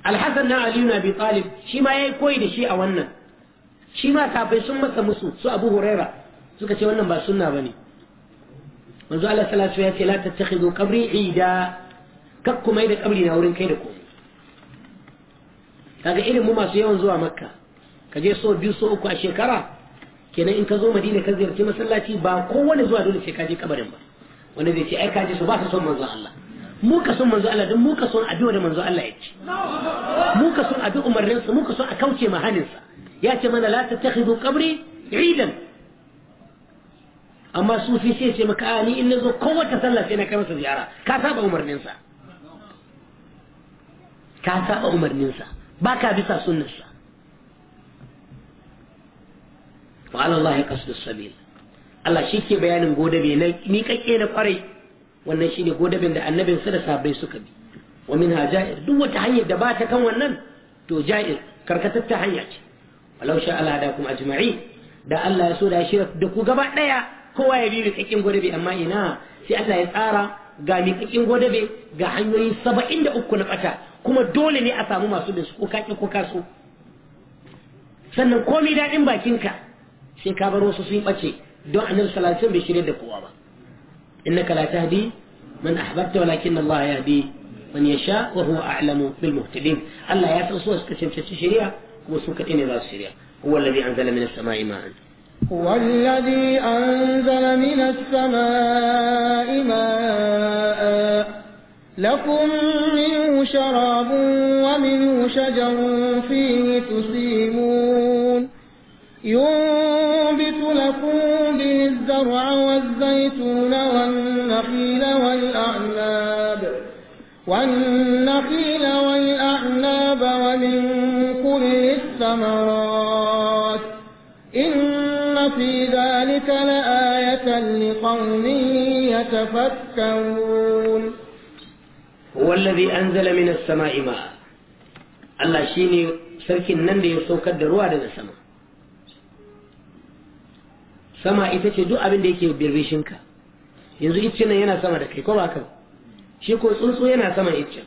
alhassan na aliyu na bi talib shi ma ya yi koyi da shi a wannan shi ma sahabbai sun masa musu su abu huraira suka ce wannan ba sunna ba ne. manzo Allah sallallahu alaihi ya ce la tattakhidu qabri ida kak kuma da kabri na wurin kai da komai kaga irin mu masu yawan zuwa makka ka je so biyu so uku a shekara kenan in ka zo madina ka ziyarci masallaci ba kowane zuwa dole sai ka je kabarin ba wanda zai ce ai ka je so ba su son manzo Allah mu ka son manzo Allah Don mu ka son abi da manzo Allah ya ce mu ka son abi umarninsa mu ka son a kauce mahaninsa ya ce mana la tattakhidu qabri idan amma sufi sai ce maka ni in nazo kowace sallah sai na kai masa ziyara ka saba umarninsa ka saba umarninsa ba ka bisa sunnarsa wa ala qasdus sabil Allah shi ke bayanin godabe na ni kakke na kwarai wannan shi ne godabe da annabin sa da sabai suka bi wa min hajair duk wata hanyar da ba ta kan wannan to ja'ir karkatatta hanya ce walau sha Allah da kuma ajma'i da Allah ya so da shi da ku gaba daya kowa ya bi miƙaƙƙin gwadabe amma ina sai Allah ya tsara ga miƙaƙƙin gwadabe ga hanyoyi saba'in da uku na bata kuma dole ne a samu masu da su ko kaƙi ko kaso sannan komai daɗin bakinka sai ka bar wasu sun ɓace don annabi sallallahu bai shirya da kowa ba innaka la tahdi man ahbabta walakin Allah yahdi man yasha wa huwa a'lamu bil muhtadin Allah ya san su suka cancanci shari'a kuma su kadai ne za su shari'a huwa alladhi anzala minas sama'i ma'an والذي أنزل من السماء ماء لكم منه شراب ومنه شجر فيه تسيمون ينبت لكم به الزرع والزيتون والنخيل والأعناب والنخيل والأعناب ومن كل الثمرات لقوم يتفكرون هو الذي أنزل من السماء ماء الله شيني sarkin nan da ya saukar da ruwa daga sama sama ita ce duk abin da yake birbishinka yanzu nan yana sama da kai ba shi ko tsuntsu yana saman icce,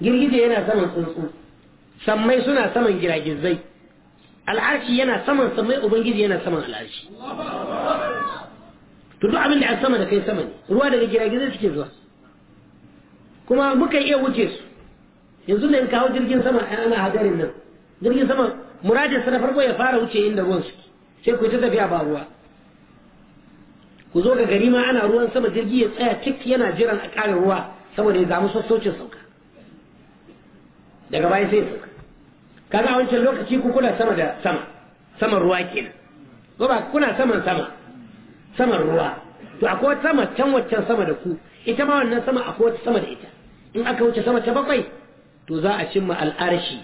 girgije yana saman tsuntsu samai suna saman giragizai al'arshi yana saman samai, ubangiji yana saman al'arshi to duk abin da a sama da kai sama ne ruwa daga giragizai suke zuwa kuma muka iya wuce su yanzu da in kawo jirgin sama ana hadarin nan jirgin sama muradin sa na farko ya fara wuce inda ruwan su sai ku ta tafiya ba ruwa ku zo ga gari ma ana ruwan sama jirgi ya tsaya tik yana jiran a ƙarin ruwa saboda ya zamu sassaucin sauka daga baya sai ya sauka kaga a wancan lokaci ku kuna sama da sama saman ruwa kenan ko ba kuna saman sama saman ruwa to akwai wata sama can waccan sama da ku ita ma wannan sama akwai wata sama da ita in aka wuce sama ta bakwai to za a cimma al'arshi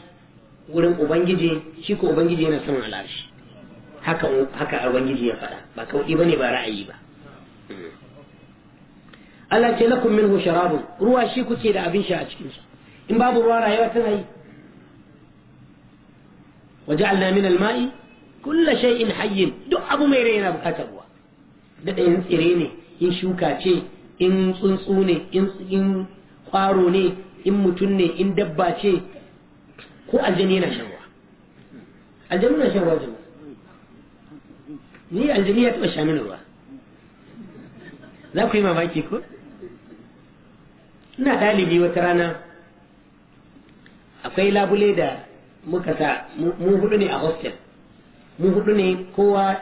wurin ubangiji shi ko ubangiji yana saman al'arshi haka haka ubangiji ya faɗa ba kauɗi bane ba ra'ayi ba Allah ce lakum minhu sharabun ruwa shi kuke da abin sha a cikin su in babu ruwa rayuwa tana yi Waje min al-ma'i kullu shay'in hayyin duk abu mai rai yana bukatar ruwa daɗa in tsire ne in shuka ce in tsuntsu ne in kwaro ne in mutum ne in dabba ce ko aljani yana shan ruwa aljani yana shan ruwa jama ni aljani ya taɓa sha mini ruwa za ku yi mamaki ko ina ɗalibi wata rana akwai labule da muka sa mu hudu ne a hostel mu hudu ne kowa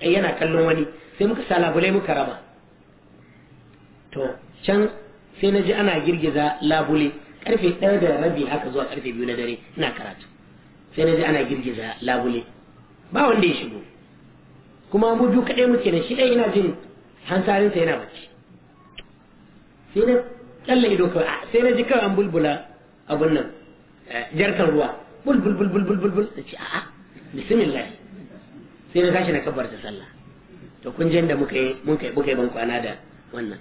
yana kallon wani sai muka salabulai muka raba to can sai na ji ana girgiza labule karfe ɗaya da rabi haka zuwa karfe biyu na dare ina karatu sai na ji ana girgiza labule ba wanda ya shigo kuma mu biyu kaɗai muke da shi ɗaya ina jin hansarinsa yana bacci sai na tsalle ido kawai sai na ji kawai an bulbula abun nan eh, jarkar ruwa bulbul bulbul bulbul bulbul ce a'a bismillah sai na tashi na kabbarta sallah to kun da muka yi muka yi muka ban kwana da wannan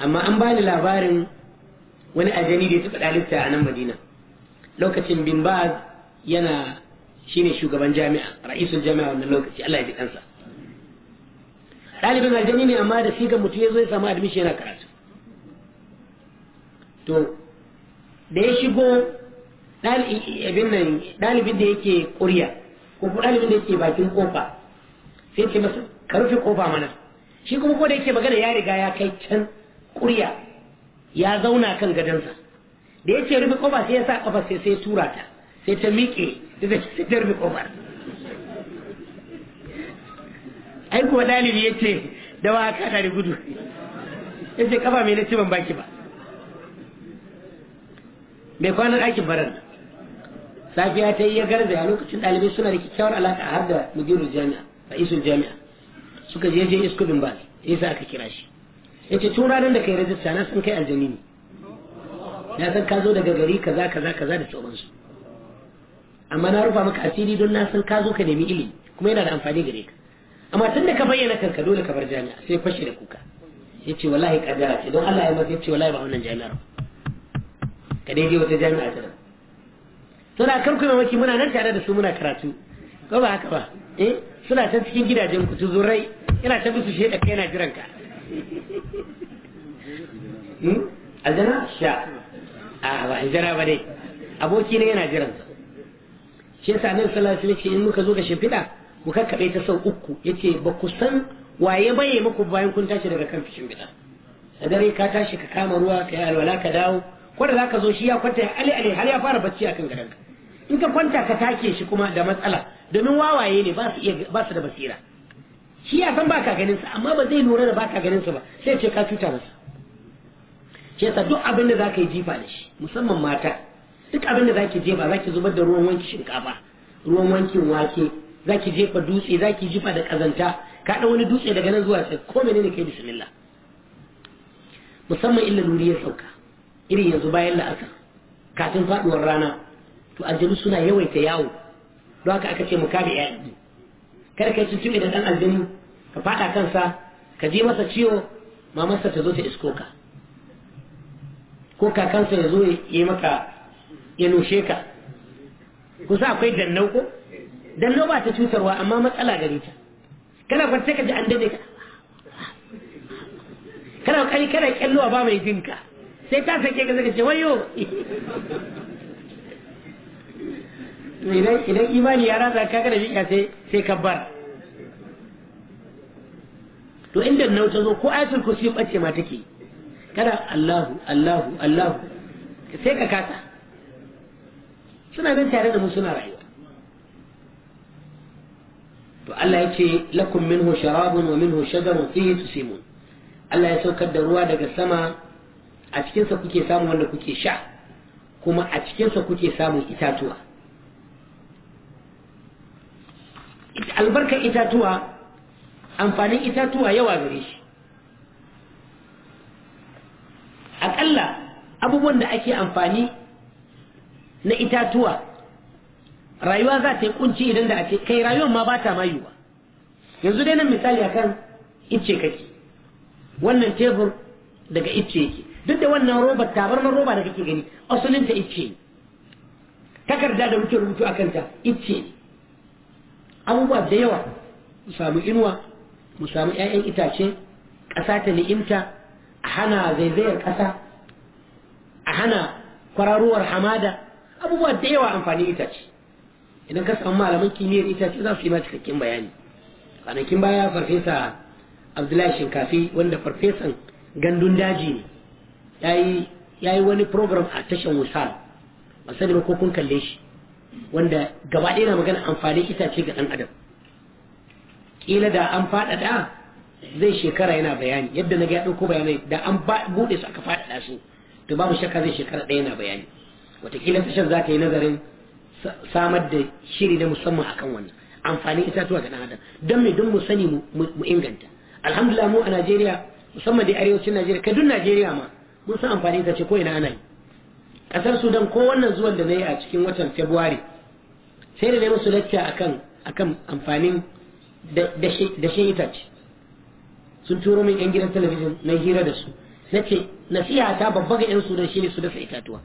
amma an bani labarin wani ajani da ya taɓa ɗalibta a nan madina lokacin bin baz yana shine shugaban jami'a ra'isul jami'a wannan lokaci Allah ya ji kansa ɗalibin aljani ne amma da sigan mutum ya zo ya samu admission yana karatu to da ya shigo ɗalibin da yake ƙurya ko ɗalibin da yake bakin kofa sai ce masa ka rufe kofa mana shi kuma ko da yake magana ya riga ya kai can kurya ya zauna kan gadonsa da ya rufe kofa sai ya sa kafa sai sai tura ta sai ta miƙe sai ta rufe kofar ai kuma dalibi ya ce da wa ka ɗari gudu ya ce kafa mai na ci ban baki ba mai kwana ɗakin baran safiya ta yi ya garza a lokacin ɗalibai suna da kyakkyawar alaƙa har da mudirin jami'a a ra'isul jami'a suka je je isko bin bas sa aka kira shi yace tun ranar da kai rajista na san kai aljani ne na san ka zo daga gari kaza kaza kaza da su. amma na rufa maka asiri don na san ka zo ka nemi ilimi kuma yana da amfani gare ka amma tun da ka bayyana kanka dole ka bar jami'a sai fashe da kuka Ya ce wallahi kadara ce don Allah ya masa ce wallahi ba wannan jami'ar ka dai je wata jami'a ta nan to da karku mamaki muna nan tare da su muna karatu ko ba haka ba eh suna can cikin gidajen ku zurai yana ta musu shaida kai yana jiran ka hmm? aljana sha a ah, ba aljana ba dai aboki ne yana jiran sa shi yasa annabi sallallahu alaihi wasallam in muka zo ga shimfiɗa ku kakkabe ta sau uku yace ba ku san waye baye muku bayan kun tashi daga kan shimfiɗa da dare ka tashi ka kama ruwa ka yi alwala ka dawo ko da zaka zo shi ya kwanta ali ali har ya fara bacci akan gadonka in ka kwanta ka take shi kuma da matsala domin wawaye ne ba su da basira shi ya san baka ganin sa amma ba zai lura da baka ganin sa ba sai ce ka cuta masa shi yasa duk abin da zaka yi jifa da shi musamman mata duk abin da zaki jefa zaki zubar da ruwan wanki shinkafa ruwan wankin wake zaki jefa dutse zaki jifa da kazanta ka wani dutse daga nan zuwa sai ko menene kai bismillah musamman illa luriyar sauka irin yanzu bayan la'asar kafin faduwar rana to aljanu suna yawaita yawo don haka aka ce mu kare yaƙi kar kai sun tumi da ɗan aljanu ka faɗa kansa ka ji masa ciwo mamarsa ta zo ta isko ka ko kakansa ya zo ya maka ya nushe ka kusa akwai dannau ko dannau ba ta cutarwa amma matsala gare ta kana kwance ka ji an dade ka kana kai kana kyallowa ba mai jinka sai ta sake ka zaka ce wayo idan imani ya rasa ka ga da sai sai bar, to inda na wuce zo ko ayatul kursi bace ma take kada Allahu Allahu Allahu sai ka kasa suna ganin tare da mu suna rayuwa to Allah ya ce lakum minhu sharabun wa minhu shajarun fihi tusimun Allah ya saukar da ruwa daga sama a cikinsa kuke samun wanda kuke sha kuma a cikinsa kuke samun itatuwa albarkar itatuwa amfanin itatuwa yawa gare shi aƙalla abubuwan da ake amfani na itatuwa rayuwa za ta yi kunci idan da ake kai rayuwar ma ba ta mayuwa yanzu dai nan misali akan icce kake wannan tebur daga icce yake duk da wannan robar na roba da kake gani asalin ta icce takarda da muke rubutu a kanta icce ne abubuwa da yawa mu samu inuwa mu samu 'ya'yan itace ƙasa ta ni'imta a hana zaizayar ƙasa a hana kwararuwar hamada abubuwa da yawa amfani itace idan ka samu malaman kimiyyar itace za su yi ma cikakken bayani kwanakin baya farfesa abdullahi shinkafi wanda farfesan gandun daji ne ya yi wani program a tashan wusal ba sani ba ko kun kalle shi wanda gaba ɗaya na magana amfanin itace ga ɗan adam ƙila da an faɗaɗa zai shekara yana bayani yadda na ga ɗauko bayanai da an buɗe su aka faɗaɗa su to babu shakka zai shekara ɗaya yana bayani watakila tashar za ta yi nazarin samar da shiri na musamman akan wannan amfanin itatuwa ga ɗan adam don me don mu sani mu inganta alhamdulillah mu a najeriya musamman da arewacin najeriya kai duk najeriya ma mun san amfani itace ko ina ana yi kasar sudan ko wannan zuwan da na yi a cikin watan february sai da na musu lacca akan akan amfanin da shi itace sun turo min yan gidan talabijin na hira da su na ce nasiha ta babba ga yan sudan shine su dasa itatuwa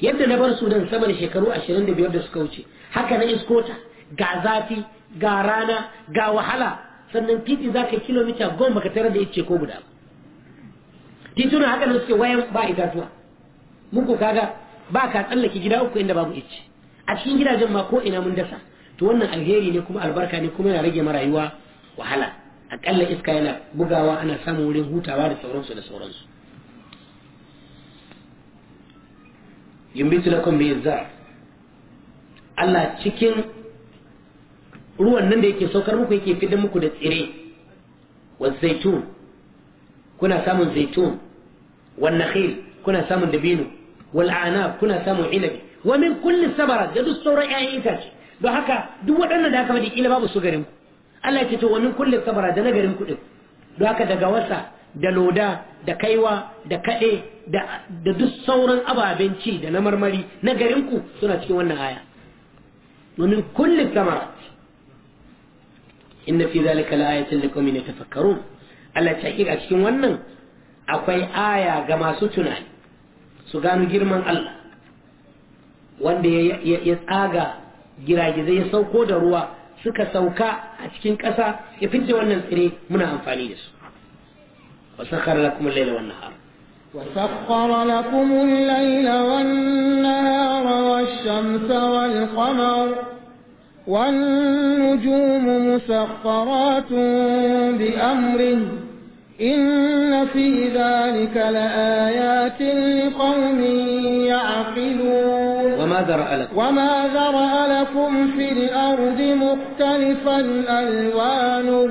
yadda na bar sudan sama da shekaru ashirin da da suka wuce haka na iskota ga zafi ga rana ga wahala sannan titi za ka kilomita goma ka tarar da ice ko guda tituna haka nan suke wayan ba itatuwa mun ko kaga ba ka tsallake gida uku inda babu icce a cikin gidajen ma ko ina mun dasa to wannan alheri ne kuma albarka ne kuma yana rage mara rayuwa wahala akalla iska yana bugawa ana samun wurin hutawa da sauransu da sauransu yumbitu lakum bi zar Allah cikin ruwan nan da yake saukar muku yake fidda muku da tsire wa zaitun kuna samun zaitun wa nakhil kuna samun dabino wal kuna samun inabi wa min kulli sabarat da duk sauran ƴaƴan itace don haka duk waɗannan da aka faɗi kila babu su garin ku Allah ya ce wa min kulli sabara da na garin ku din don haka daga wasa da loda da kaiwa da kaɗe da duk sauran ababen ci da na marmari na garinku suna cikin wannan aya domin kullum samarat inna fi zalika la'ayatin liqaumin yatafakkarun Allah ta a cikin wannan akwai aya ga masu tunani su gano girman Allah wanda ya tsaga giragizai ya sauko da ruwa suka sauka a cikin ƙasa ya fice wannan tsire muna amfani da su wasakar lakum kuma laila wannan nahar وسخر لكم الليل والنهار والشمس والقمر والنجوم مسخرات بأمره إن في ذلك لآيات لقوم يعقلون وما ذرأ لكم, وما ذرأ لكم في الأرض مختلفا ألوان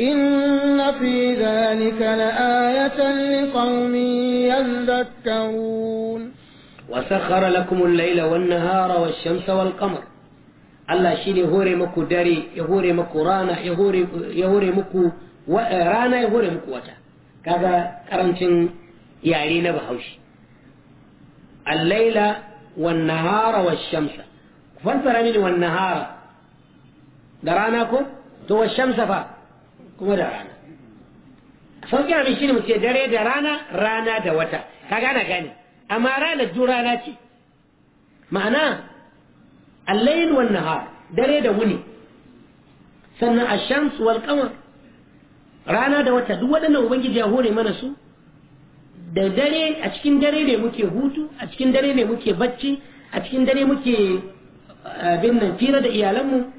إن في ذلك لآية لقوم يذكرون وسخر لكم الليل والنهار والشمس والقمر الله شيني هوري مكو داري يهوري مكو رانا يهوري, يهوري مكو Eh, rana ya hore muku wata kaga karancin yare na bahaushe al-laila wan nahara wash shamsa mini wannahara, da rana ko to wash shamsa fa kuma da rana sauƙi abin shi ne mutum dare da rana rana da wata ka gana gane amma ranar ju rana ce ma'ana allayin wannahara dare da wuni sannan a shams wal kamar rana da wata duk waɗannan ubangiji ya hore mana su da dare a cikin dare ne muke hutu a cikin dare ne muke bacci a cikin dare muke abin nan fira da iyalanmu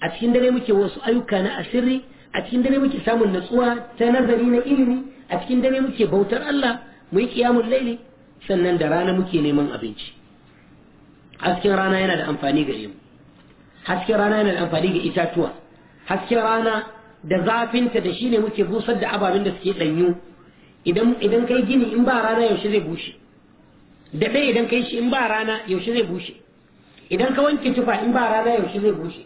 a cikin dare muke wasu ayyuka na asiri a cikin dare muke samun natsuwa ta nazari na ilimi a cikin dare muke bautar Allah mu yi kiyamun laili sannan da rana muke neman abinci hasken rana yana da amfani gare mu hasken rana yana da amfani ga itatuwa hasken rana da zafinta da shi ne muke busar da ababen da suke ɗanyu idan kai gini in ba rana yaushe zai bushe Da dai idan kai shi in ba rana yaushe zai bushe idan ka wanke tufa in ba rana yaushe zai bushe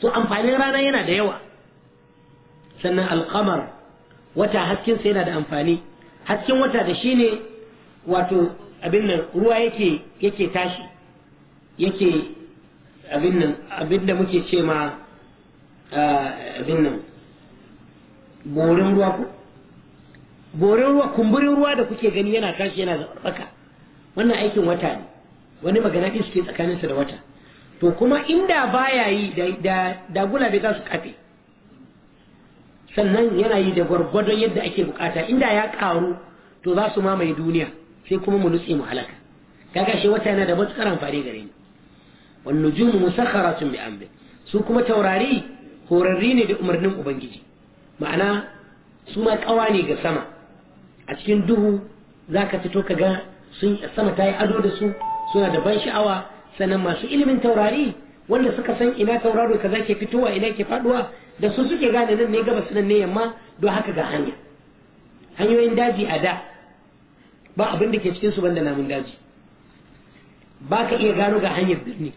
to amfanin rana yana da yawa sannan alkamar wata haskinsa yana da amfani hasken wata da shi ne wato abin nan ruwa yake yake tashi yake abin nan abin da muke ce ma ah, abin nan borin ruwa ko borin ruwa kumburin ruwa da kuke gani yana tashi yana tsaka wannan aikin wata ne wani magana ɗin suke tsakaninsa da wata to kuma inda baya yi da gula bai za su kafe sannan yana yi da gwargwadon yadda ake bukata inda ya karu to za su mamaye duniya sai kuma mu nutse mu halaka kaga shi wata yana da matukar amfani gare ni wannan jumu musakharatun bi amri su kuma taurari horarri ne da umarnin ubangiji ma'ana su ma kawa ne ga sama a cikin duhu za ka fito ka ga sun sama ta yi ado da su suna da ban sha'awa sannan masu ilimin taurari wanda suka san ina tauraro kaza ke fitowa ina ke faduwa da su suke gane nan ne su nan ne yamma don haka ga hanya hanyoyin daji a da ba abin da ke cikin su banda namun daji ba ka iya gano ga hanyar birni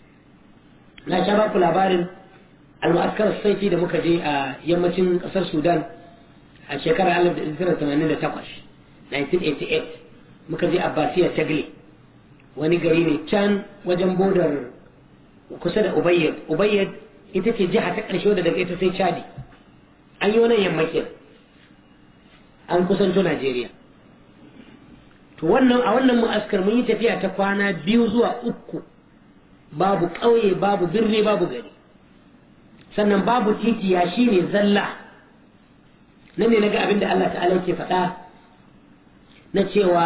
na sha ku labarin al-mu'askar da muka je a yammacin kasar sudan a shekarar 1988 1988 muka je abbasiya tagle wani gari ne can wajen bodar kusa da ubayyad ubayyad ita ce jiha ta ƙarshe wadda daga ita sai chadi an yi wannan yammacin an kusanto najeriya to wannan a wannan mu'askar mun yi tafiya ta kwana biyu zuwa uku babu ƙauye babu birni babu gari sannan babu titi ya shine zalla nan ne naga abinda Allah ta'ala yake faɗa na cewa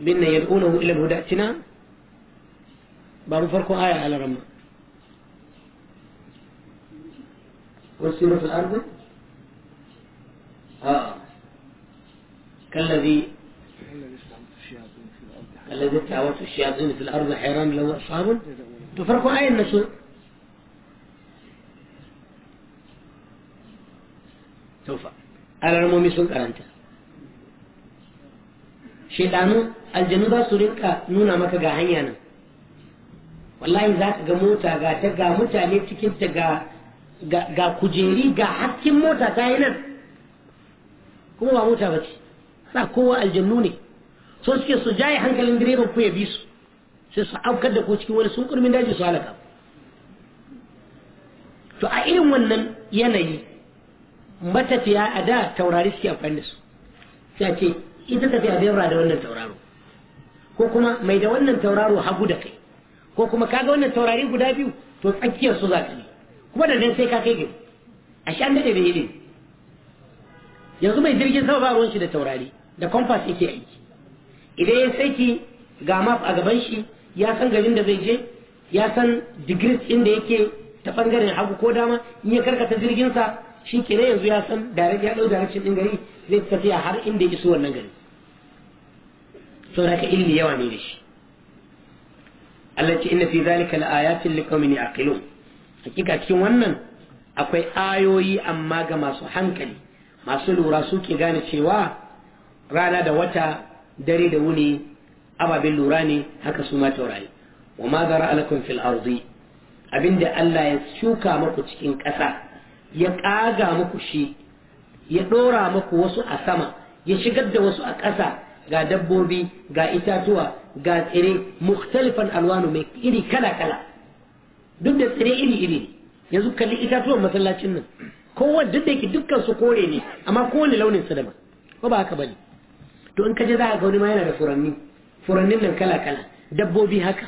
binna yad'unahu ila hudatina ba mu farko aya ala ramma wasiru fil ardi آه. كالذي الذي تعوت الشياطين في الأرض حيران له أصحاب تفرقوا أي النسوء tofa alarmomi sun karanta shaidanu aljanu za su rinka nuna maka ga hanya nan wallahi za ka ga mota ga ta ga mutane cikin ga ga kujeri ga hakkin mota ta yi nan kuma ba mota ba ce sa kowa aljannu ne so suke su jaye hankalin direban ku ya bi su sai su aukar da ko cikin wani sun kurmin daji su halaka to a irin wannan yanayi matafiya a da taurari suke amfani da su ya ce ita tafiya zai da wannan tauraro ko kuma mai da wannan tauraro hagu da kai ko kuma kaga wannan taurari guda biyu to tsakiyar su za su yi kuma da nan sai ka kai gari a an daɗe da yi yanzu mai jirgin sama ba ruwan shi da taurari da komfas yake aiki idan ya saiki ga map a gaban shi ya san garin da zai je ya san digiris inda yake ta bangaren hagu ko dama in ya karkata jirginsa shi kenan yanzu ya san direct ya dau direction din gari zai tafiya har inda ya iso wannan gari da ka ilmi yawa ne da shi Allah ce inna fi zalika laayatin liqaumin yaqilun hakika cikin wannan akwai ayoyi amma ga masu hankali masu lura su ke gane cewa rana da wata dare da wuni ababen lura ne haka su ma taurari wa ma zara alakum fil ardi abinda Allah ya shuka maku cikin ƙasa ya ƙaga muku shi ya ɗora muku wasu a sama ya shigar da wasu a ƙasa ga dabbobi ga itatuwa ga tsire mukhtalifan alwanu mai iri kala kala duk da tsire iri iri yanzu kalli itatuwan masallacin nan kowanne duk da yake dukkan su kore ne amma kowane launin su daban ko ba haka bane to in ka je za a ga wani ma yana da furanni furannin nan kala kala dabbobi haka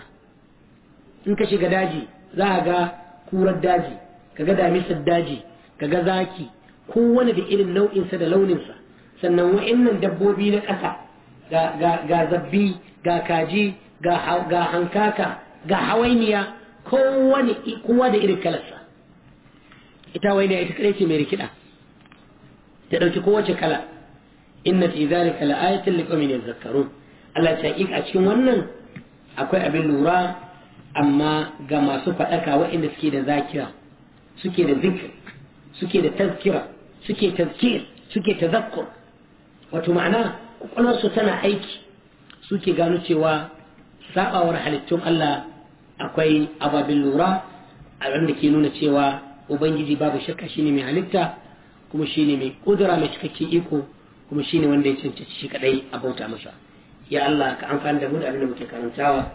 in ka shiga daji za a ga kurar daji ka ga damisar daji kaga zaki kowane da irin nau'insa da launinsa sannan wa'annan dabbobi na ƙasa ga zabbi ga kaji ga hankaka ga hawainiya kowane kowa da irin kalarsa ita hawainiya ita ce mai rikida ta ɗauki kowace kala inna fi zalika la'ayatin liqawmin yadhakkarun Allah ta yi a cikin wannan akwai abin lura amma ga masu faɗaka wa'anda suke da zakira suke da zikri suke da tazkira suke tazkir suke tazakkur wato ma'ana kwakwalwarsu tana aiki suke gano cewa sabawar halittun Allah akwai ababin lura a da ke nuna cewa ubangiji babu shakka shine mai halitta kuma shine mai kudura mai cikakken iko kuma shine wanda ya cancanci shi kadai a bauta masa ya Allah ka amfani da mu da abinda muke karantawa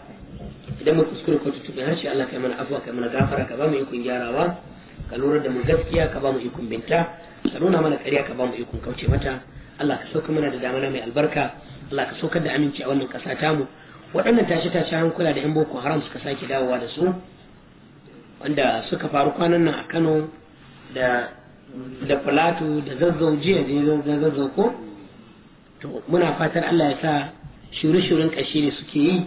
idan mu kuskure ko har shi Allah kai mana afuwa kai mana gafara ka ba mu yi kun gyarawa ka lura da mu gaskiya ka ba mu ikon binta ka nuna mana kariya ka ba mu ikon kauce mata Allah ka sauka mana da damana mai albarka Allah ka saukar da aminci a wannan kasata mu. waɗannan tashe tashi hankula da yan boko haram suka sake dawowa da su wanda suka faru kwanan nan a Kano da da Filato da Zazzau jiya da Zazzau ko to muna fatar Allah ya sa shirye-shiryen ƙashi ne suke yi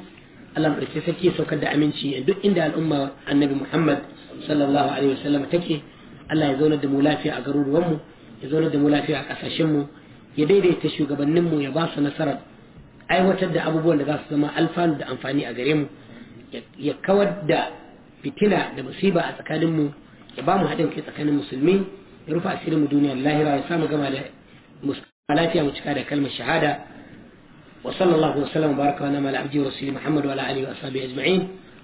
Allah ɗauki sarki saukar da aminci a duk inda al'umma annabi Muhammad sallallahu alaihi wasallam take Allah ya zauna da mu lafiya a garuruwanmu ya zauna da mu lafiya a mu ya daidaita shugabanninmu ya ba su nasarar aiwatar da abubuwan da za su zama alfanu da amfani a gare mu ya kawar da fitina da musiba a tsakaninmu ya ba mu haɗin kai tsakanin musulmi ya rufe asirin mu duniyar lahira ya samu gama da lafiya mu cika da kalmar shahada wa sallallahu wa sallam baraka wa nama ala abdi wa rasuli muhammad wa ala alihi wa ajma'in